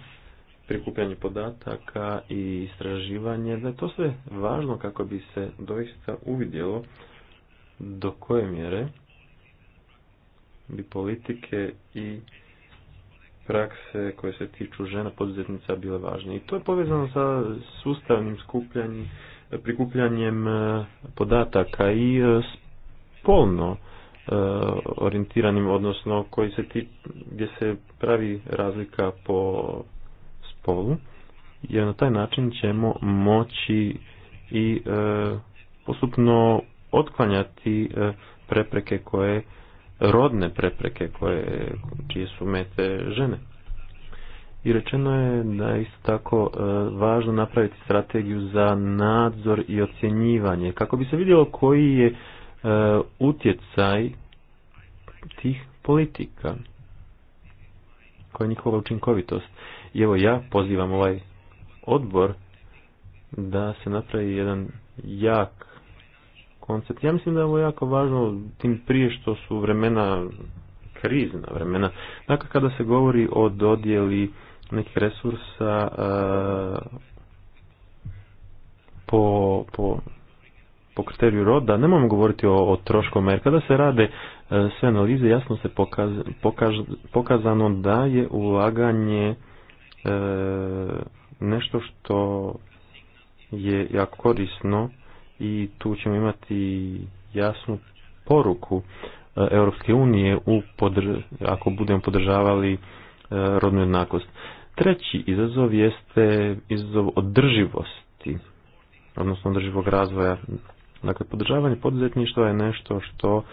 prikupljanje podataka i istraživanje, da je to sve važno kako bi se doista uvidjelo do koje mjere bi politike i prakse koje se tiču žena poduzetnica bile važne. I to je povezano sa sustavnim skupljanjem, prikupljanjem e, podataka i e, spolno e, orijentiranim, odnosno koji se ti, gdje se pravi razlika po spolu, jer na taj način ćemo moći i postupno otklanjati prepreke koje rodne prepreke koje, čije su mete žene. I rečeno je da je isto tako e, važno napraviti strategiju za nadzor i ocjenjivanje kako bi se vidjelo koji je e, utjecaj tih politika, koja je njihova učinkovitost. I evo ja pozivam ovaj odbor da se napravi jedan jak koncept. Ja mislim da je ovo jako važno, tim prije što su vremena krizna vremena. Dakle, kada se govori o dodjeli nekih resursa eh, po, po, po kriteriju roda, nemamo govoriti o, o troškovima, jer kada se rade eh, sve analize, jasno se pokazano da je ulaganje eh, nešto što je jako korisno i tu ćemo imati jasnu poruku e, Europske unije u podr... ako budemo podržavali e, rodnu jednakost. Treći izazov jeste izazov održivosti, odnosno održivog razvoja. Dakle, podržavanje poduzetništva je nešto što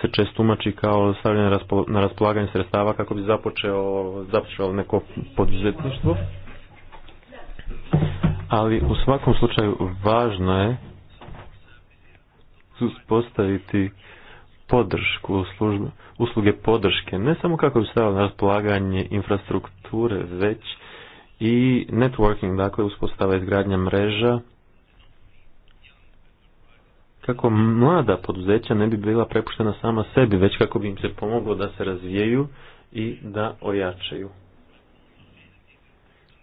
se često tumači kao stavljanje na raspolaganje sredstava kako bi započeo, započeo neko poduzetništvo. Ali u svakom slučaju važno je uspostaviti podršku, usluge podrške, ne samo kako bi stavili na raspolaganje infrastrukture, već i networking, dakle uspostava izgradnja mreža, kako mlada poduzeća ne bi bila prepuštena sama sebi, već kako bi im se pomoglo da se razvijaju i da ojačaju.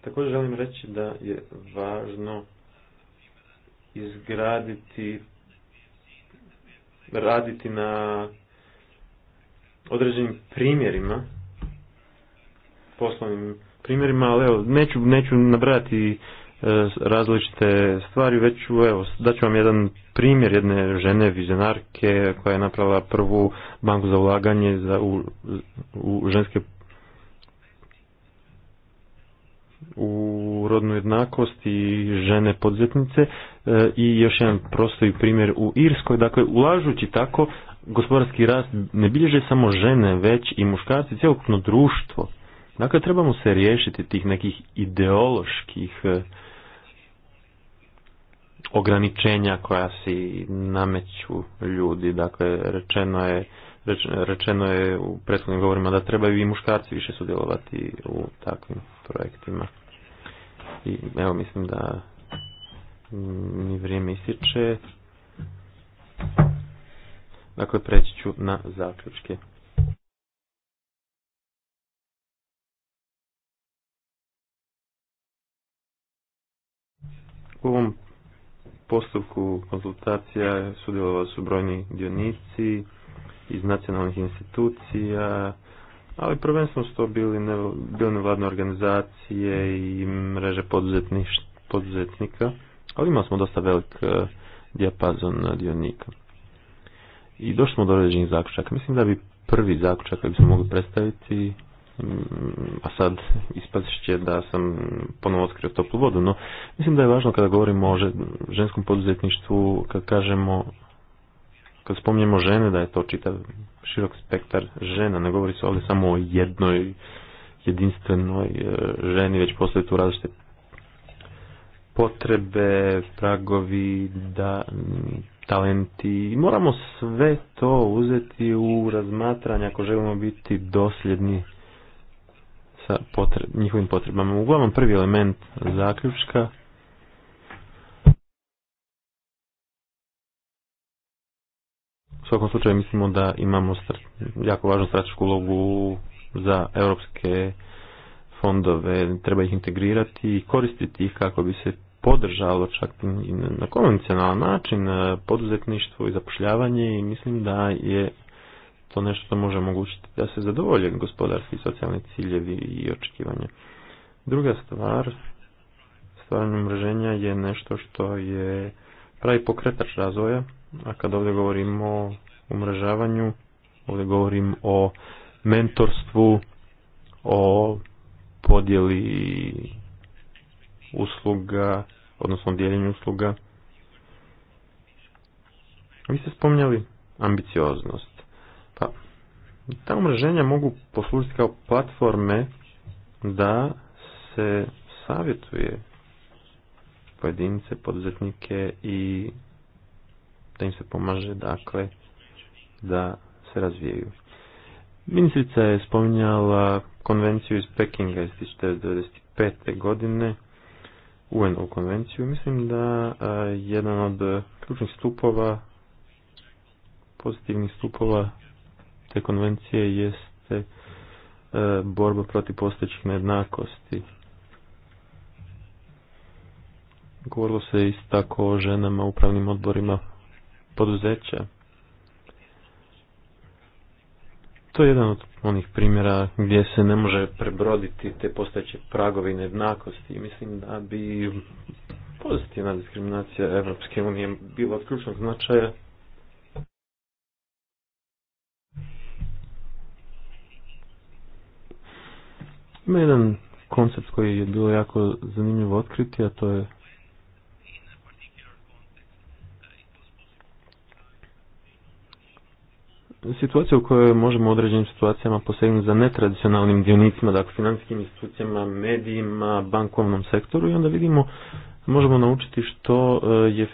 Također želim reći da je važno izgraditi raditi na određenim primjerima, poslovnim primjerima, ali evo, neću, neću nabrati e, različite stvari, već ću, evo, daću vam jedan primjer jedne žene vizionarke koja je napravila prvu banku za ulaganje za, u, u ženske u rodnu jednakost i žene poduzetnice e, i još jedan prostoji primjer u Irskoj. Dakle, ulažući tako, gospodarski rast ne bilježe samo žene, već i muškarci, cjelokupno društvo. Dakle, trebamo se riješiti tih nekih ideoloških e, ograničenja koja si nameću ljudi. Dakle, rečeno je rečeno je u prethodnim govorima da trebaju i muškarci više sudjelovati u takvim projektima. I evo mislim da mi vrijeme ističe. Dakle, preći ću na zaključke. U ovom postupku konzultacija sudjelovali su brojni dionici iz nacionalnih institucija, ali prvenstveno su to bili ne, nevladne organizacije i mreže poduzetnika, ali imali smo dosta velik e, dijapazon dionika. I došli smo do određenih zaključaka. Mislim da bi prvi zaključak koji bismo mogli predstaviti, mm, a sad će da sam ponovno otkrio toplu vodu, no mislim da je važno kada govorimo o ženskom poduzetništvu, kad kažemo kad spominjemo žene, da je to čitav širok spektar žena, ne govori se ovdje samo o jednoj jedinstvenoj e, ženi, već postoje tu različite potrebe, pragovi, da, talenti. Moramo sve to uzeti u razmatranje ako želimo biti dosljedni sa njihovim potrebama. Uglavnom prvi element zaključka U svakom slučaju mislimo da imamo jako važnu stratešku ulogu za europske fondove, treba ih integrirati i koristiti ih kako bi se podržalo čak i na konvencionalan način e, poduzetništvo i zapošljavanje i mislim da je to nešto što može omogućiti da se zadovolje gospodarski i socijalni ciljevi i očekivanja. Druga stvar, stvaranje mreženja je nešto što je pravi pokretač razvoja a kad ovdje govorimo o umrežavanju, ovdje govorim o mentorstvu, o podjeli usluga, odnosno dijeljenju usluga. Vi ste spominjali ambicioznost. Pa, ta umreženja mogu poslužiti kao platforme da se savjetuje pojedince, poduzetnike i da im se pomaže, dakle, da se razvijaju. Ministrica je spominjala konvenciju iz Pekinga iz 1995. godine, UN-u konvenciju. Mislim da jedan od ključnih stupova, pozitivnih stupova te konvencije jeste borba protiv postojećih nejednakosti. Govorilo se isto tako o ženama u upravnim odborima poduzeća. To je jedan od onih primjera gdje se ne može prebroditi te postojeće nejednakosti i Mislim da bi pozitivna diskriminacija Evropske unije bila od ključnog značaja Ima jedan koncept koji je bilo jako zanimljivo otkriti, a to je situacija u kojoj možemo u određenim situacijama posegnuti za netradicionalnim dionicima, dakle financijskim institucijama, medijima, bankovnom sektoru i onda vidimo, možemo naučiti što e, je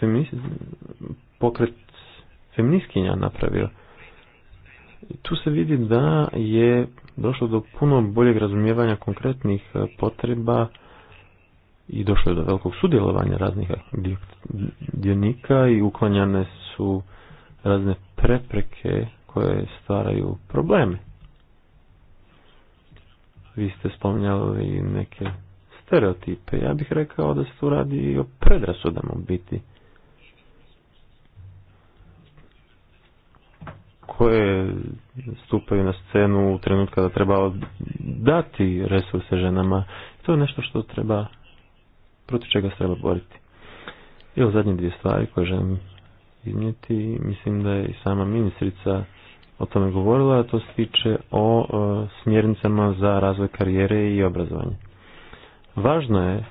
pokret feministkinja napravio. Tu se vidi da je došlo do puno boljeg razumijevanja konkretnih e, potreba i došlo je do velikog sudjelovanja raznih dionika i uklanjane su razne prepreke koje stvaraju probleme. Vi ste spominjali neke stereotipe. Ja bih rekao da se tu radi i o predrasudama u biti. koje stupaju na scenu u trenutku kada treba dati resurse ženama. To je nešto što treba, protiv čega se treba boriti. I zadnje dvije stvari koje želim iznijeti, mislim da je i sama ministrica o tome govorila, a to se tiče o smjernicama za razvoj karijere i obrazovanje. Važno je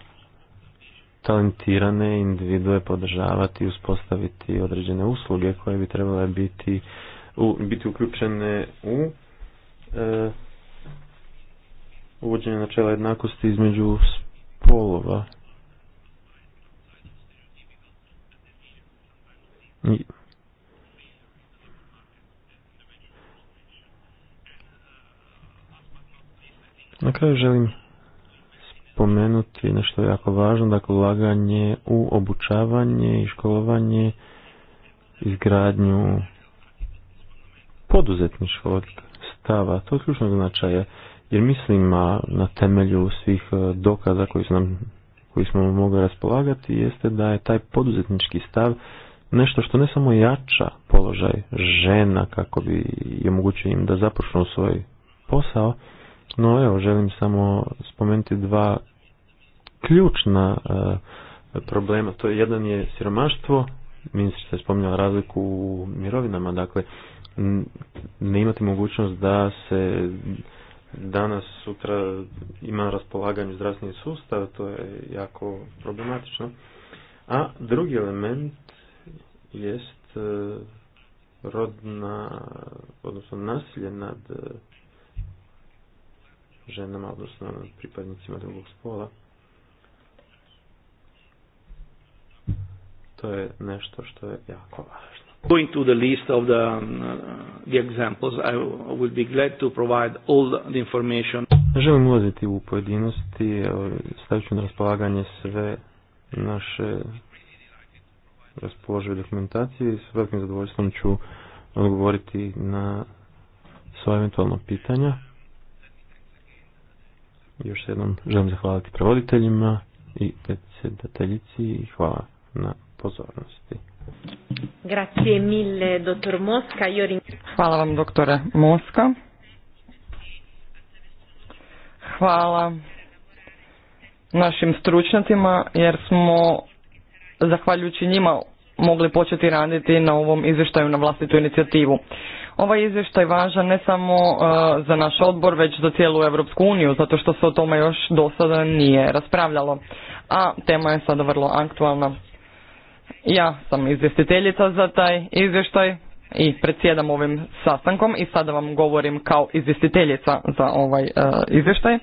talentirane individue podržavati i uspostaviti određene usluge koje bi trebale biti, u, biti uključene u e, uvođenje načela jednakosti između spolova. I Na kraju želim spomenuti nešto jako važno, dakle ulaganje u obučavanje i školovanje, izgradnju poduzetničkog stava. To je ključno značaja, jer mislim na temelju svih e, dokaza koji, su nam, koji smo mogli raspolagati jeste da je taj poduzetnički stav nešto što ne samo jača položaj žena kako bi je omogućio im da započnu svoj posao, no evo, želim samo spomenuti dva ključna e, problema. To je jedan je siromaštvo, ministrica je spominjala razliku u mirovinama, dakle ne imati mogućnost da se danas, sutra ima raspolaganju zdravstveni sustav, to je jako problematično. A drugi element jest e, rodna, odnosno nasilje nad ženama, odnosno pripadnicima drugog spola. To je nešto što je jako važno. Going to the list of the, uh, the examples, I will be glad to provide all the information. Želim ulaziti u pojedinosti, stavit ću na raspolaganje sve naše raspoložive dokumentacije i s velikim zadovoljstvom ću odgovoriti na sva eventualna pitanja. Još jednom želim zahvaliti prevoditeljima i predsjedateljici i hvala na pozornosti. Grazie mille, dottor Mosca. Io Hvala vam, doktore Mosca. Hvala našim stručnjacima, jer smo zahvaljujući njima mogli početi raditi na ovom izvještaju na vlastitu inicijativu. Ovaj izvještaj važan ne samo e, za naš odbor, već za cijelu Europsku uniju, zato što se o tome još do sada nije raspravljalo. A tema je sada vrlo aktualna. Ja sam izvjestiteljica za taj izvještaj i predsjedam ovim sastankom i sada vam govorim kao izvjestiteljica za ovaj e, izvještaj.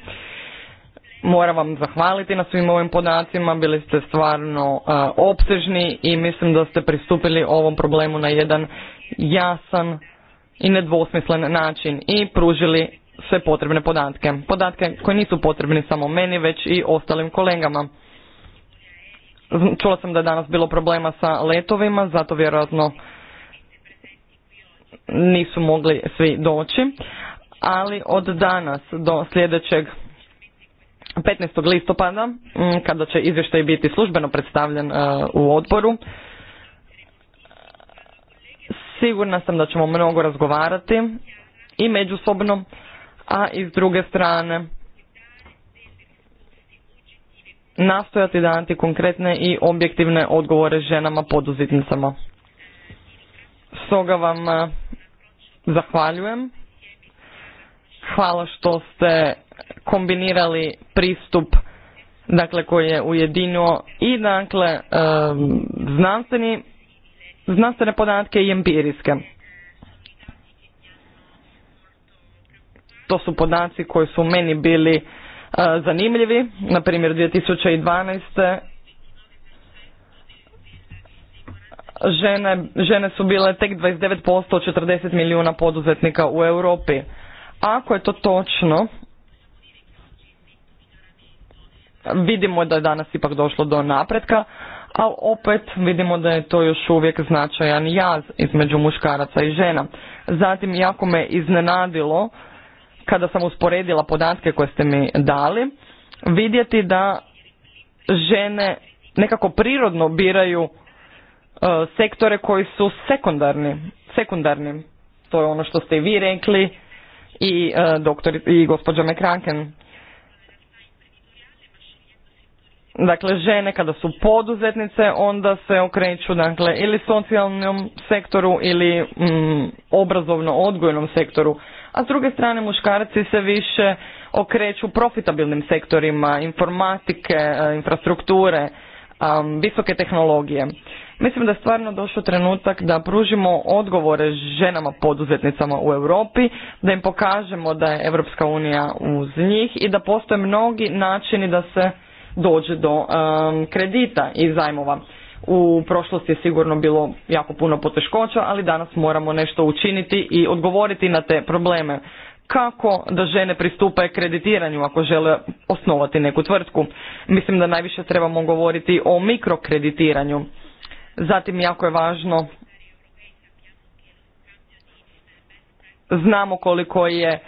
Moram vam zahvaliti na svim ovim podacima, bili ste stvarno e, opsežni i mislim da ste pristupili ovom problemu na jedan jasan i nedvosmislen način i pružili sve potrebne podatke. Podatke koji nisu potrebni samo meni, već i ostalim kolegama. Čula sam da je danas bilo problema sa letovima, zato vjerojatno nisu mogli svi doći. Ali od danas do sljedećeg 15. listopada, kada će izvještaj biti službeno predstavljen e, u odboru, Sigurna sam da ćemo mnogo razgovarati i međusobno, a i s druge strane nastojati dati konkretne i objektivne odgovore ženama poduzetnicama. Stoga vam eh, zahvaljujem. Hvala što ste kombinirali pristup dakle koji je ujedinio i dakle eh, znanstveni znanstvene podatke i empirijske. To su podaci koji su meni bili e, zanimljivi, na primjer 2012. Žene, žene su bile tek 29% od 40 milijuna poduzetnika u Europi. Ako je to točno, vidimo da je danas ipak došlo do napretka, ali opet vidimo da je to još uvijek značajan jaz između muškaraca i žena. Zatim jako me iznenadilo kada sam usporedila podatke koje ste mi dali, vidjeti da žene nekako prirodno biraju e, sektore koji su sekundarni. Sekundarni, to je ono što ste i vi rekli i e, doktor i gospođa Mekranken. Dakle, žene kada su poduzetnice onda se okreću dakle, ili socijalnom sektoru ili mm, obrazovno-odgojnom sektoru, a s druge strane muškarci se više okreću profitabilnim sektorima informatike, e, infrastrukture, visoke tehnologije. Mislim da je stvarno došao trenutak da pružimo odgovore ženama poduzetnicama u Europi, da im pokažemo da je Europska unija uz njih i da postoje mnogi načini da se dođe do kredita i zajmova. U prošlosti je sigurno bilo jako puno poteškoća, ali danas moramo nešto učiniti i odgovoriti na te probleme. Kako da žene pristupe kreditiranju ako žele osnovati neku tvrtku? Mislim da najviše trebamo govoriti o mikrokreditiranju. Zatim jako je važno znamo koliko je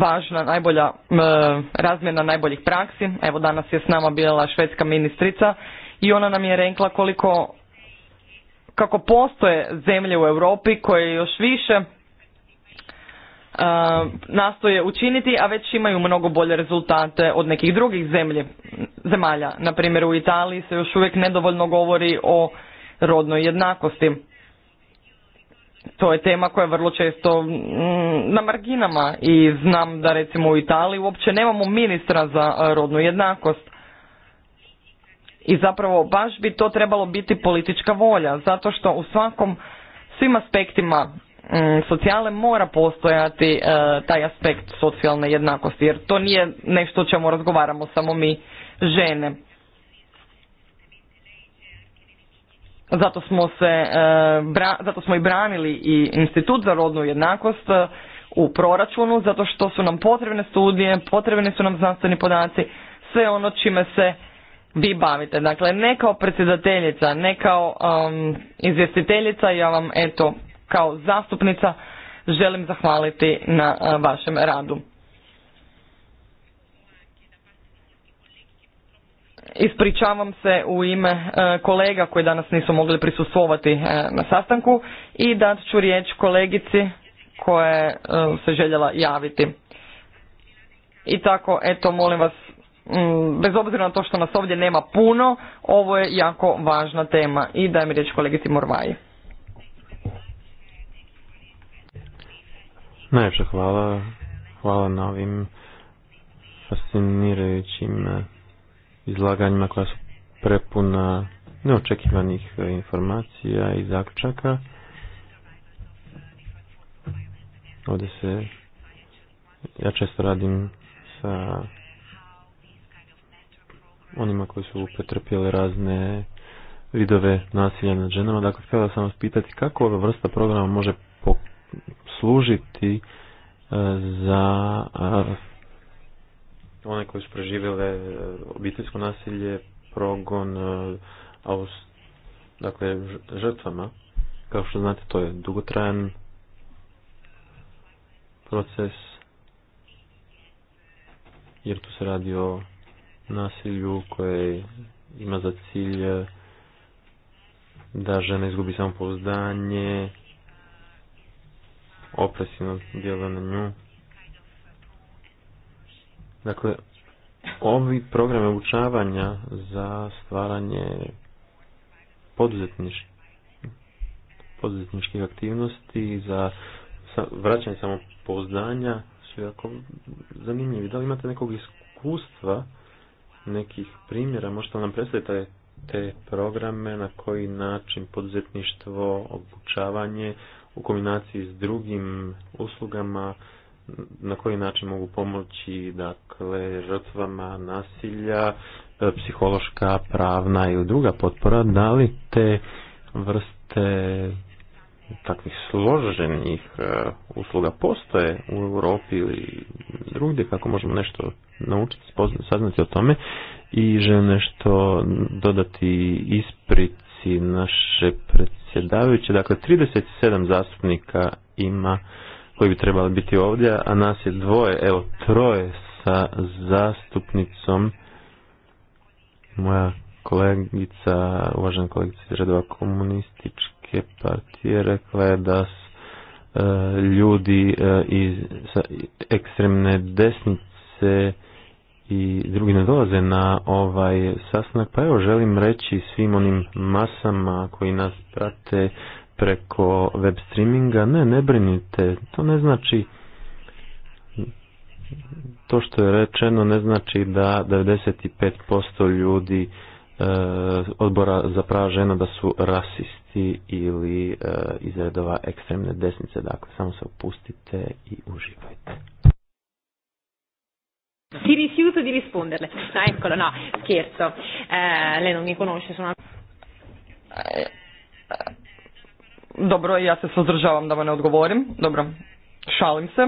važna najbolja razmjena najboljih praksi. Evo danas je s nama bila švedska ministrica i ona nam je rekla koliko kako postoje zemlje u Europi koje još više e, nastoje učiniti, a već imaju mnogo bolje rezultate od nekih drugih zemlje, zemalja. Na primjer u Italiji se još uvijek nedovoljno govori o rodnoj jednakosti to je tema koja je vrlo često mm, na marginama i znam da recimo u Italiji uopće nemamo ministra za e, rodnu jednakost. I zapravo baš bi to trebalo biti politička volja, zato što u svakom, svim aspektima mm, socijale mora postojati e, taj aspekt socijalne jednakosti, jer to nije nešto o čemu razgovaramo samo mi žene. Zato smo, se, e, zato smo i branili i institut za rodnu jednakost e, u proračunu, zato što su nam potrebne studije, potrebni su nam znanstveni podaci, sve ono čime se vi bavite. Dakle, ne kao predsjedateljica, ne kao izvjestiteljica, ja vam eto kao zastupnica želim zahvaliti na e, vašem radu. Ispričavam se u ime e, kolega koji danas nisu mogli prisustvovati e, na sastanku i dat ću riječ kolegici koja e, se željela javiti. I tako, eto, molim vas, mm, bez obzira na to što nas ovdje nema puno, ovo je jako važna tema. I dajem riječ kolegici Morvaji. Najljepša hvala. Hvala na ovim fascinirajućim izlaganjima koja su prepuna neočekivanih e, informacija i zaključaka. Ovdje se, ja često radim sa onima koji su pretrpjeli razne vidove nasilja nad ženama. Dakle, htjela sam vas pitati kako ova vrsta programa može služiti e, za one koje su preživjele e, obiteljsko nasilje, progon, e, dakle, žrtvama. Kao što znate, to je dugotrajan proces, jer tu se radi o nasilju koje ima za cilj e, da žena izgubi samopouzdanje, opresivno djeluje na nju. Dakle, ovi programe učavanja za stvaranje poduzetniš, poduzetničkih aktivnosti, za vraćanje samopouzdanja su jako zanimljivi. Da li imate nekog iskustva, nekih primjera, možete nam predstaviti te programe, na koji način poduzetništvo, obučavanje u kombinaciji s drugim uslugama na koji način mogu pomoći dakle, žrtvama nasilja, e, psihološka, pravna ili druga potpora, da li te vrste takvih složenih e, usluga postoje u Europi ili drugdje kako možemo nešto naučiti, saznati o tome i želim nešto dodati isprici naše predsjedavajuće. Dakle, 37 zastupnika ima koji bi trebali biti ovdje, a nas je dvoje, evo troje sa zastupnicom moja kolegica, uvažena kolegica iz redova komunističke partije rekla je da e, ljudi e, iz ekstremne desnice i drugi ne dolaze na ovaj sastanak, pa evo želim reći svim onim masama koji nas prate preko web streaminga, ne, ne brinite, to ne znači to što je rečeno ne znači da 95% ljudi e, odbora za prava žena da su rasisti ili e, iz ekstremne desnice. Dakle, samo se opustite i uživajte. Si rifiuto di risponderle. No, ah, eccolo, no, scherzo. Eh, lei non mi conosce, sono... Eh, dobro, ja se suzdržavam da vam ne odgovorim. Dobro, šalim se.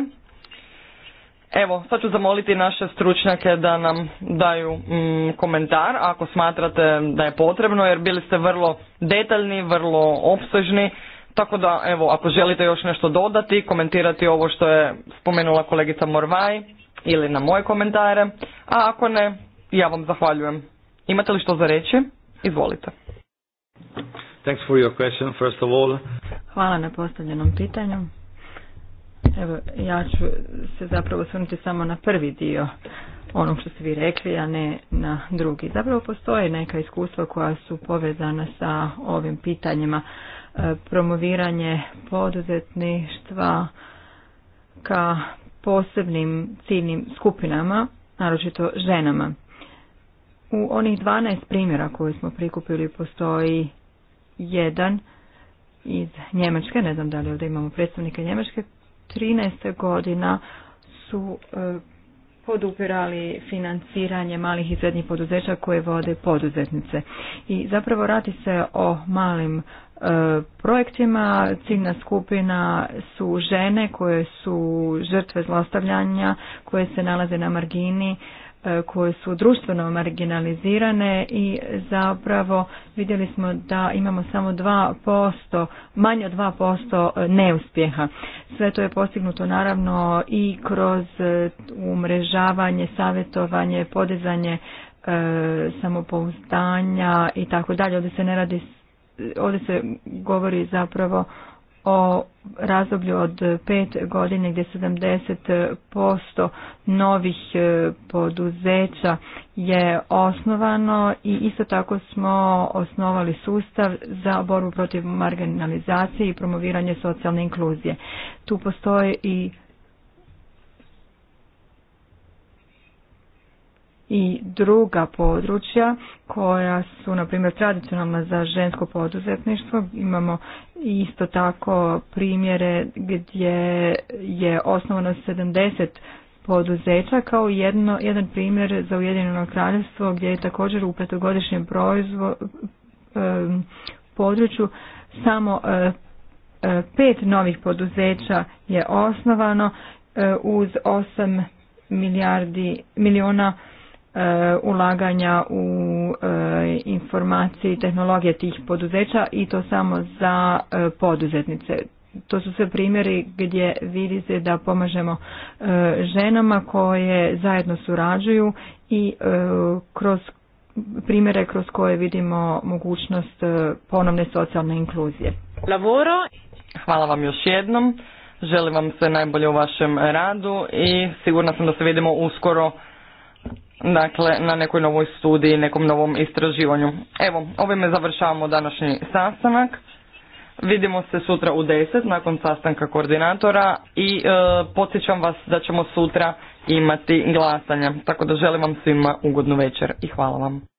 Evo, sad ću zamoliti naše stručnjake da nam daju mm, komentar ako smatrate da je potrebno jer bili ste vrlo detaljni, vrlo opsežni. Tako da, evo, ako želite još nešto dodati, komentirati ovo što je spomenula kolegica Morvaj ili na moje komentare, a ako ne, ja vam zahvaljujem. Imate li što za reći? Izvolite. Thanks for your question, first of all. Hvala na postavljenom pitanju. Evo, ja ću se zapravo osvrnuti samo na prvi dio onog što ste vi rekli, a ne na drugi. Zapravo postoje neka iskustva koja su povezana sa ovim pitanjima. E, promoviranje poduzetništva ka posebnim ciljnim skupinama, naročito ženama. U onih 12 primjera koje smo prikupili postoji jedan iz Njemačke, ne znam da li ovdje imamo predstavnika Njemačke, 13 godina su e, podupirali financiranje malih i srednjih poduzeća koje vode poduzetnice. I zapravo radi se o malim e, projektima. Ciljna skupina su žene koje su žrtve zlostavljanja, koje se nalaze na margini E, koje su društveno marginalizirane i zapravo vidjeli smo da imamo samo 2%, manje od 2% e, neuspjeha. Sve to je postignuto naravno i kroz e, umrežavanje, savjetovanje, podizanje samopouzdanja i tako dalje. Ovdje se ne radi, ovdje se govori zapravo o razdoblju od pet godine gdje 70% novih e, poduzeća je osnovano i isto tako smo osnovali sustav za borbu protiv marginalizacije i promoviranje socijalne inkluzije. Tu postoje i i druga područja koja su na primjer tradicionalna za žensko poduzetništvo. Imamo isto tako primjere gdje je osnovano 70 poduzeća kao jedan primjer za Ujedinjeno kraljevstvo gdje je također u petogodišnjem proizvo, području samo e, e, pet novih poduzeća je osnovano e, uz 8 milijardi, milijuna E, ulaganja u e, informacije i tehnologije tih poduzeća i to samo za e, poduzetnice. To su sve primjeri gdje vidi se da pomažemo ženama koje zajedno surađuju i kroz primjere kroz koje vidimo mogućnost ponovne socijalne inkluzije. Lavoro, hvala vam još jednom. Želim vam sve najbolje u vašem radu i sigurna sam da se vidimo uskoro dakle, na nekoj novoj studiji, nekom novom istraživanju. Evo, ovime završavamo današnji sastanak. Vidimo se sutra u deset nakon sastanka koordinatora i e, podsjećam vas da ćemo sutra imati glasanja. Tako da želim vam svima ugodnu večer i hvala vam.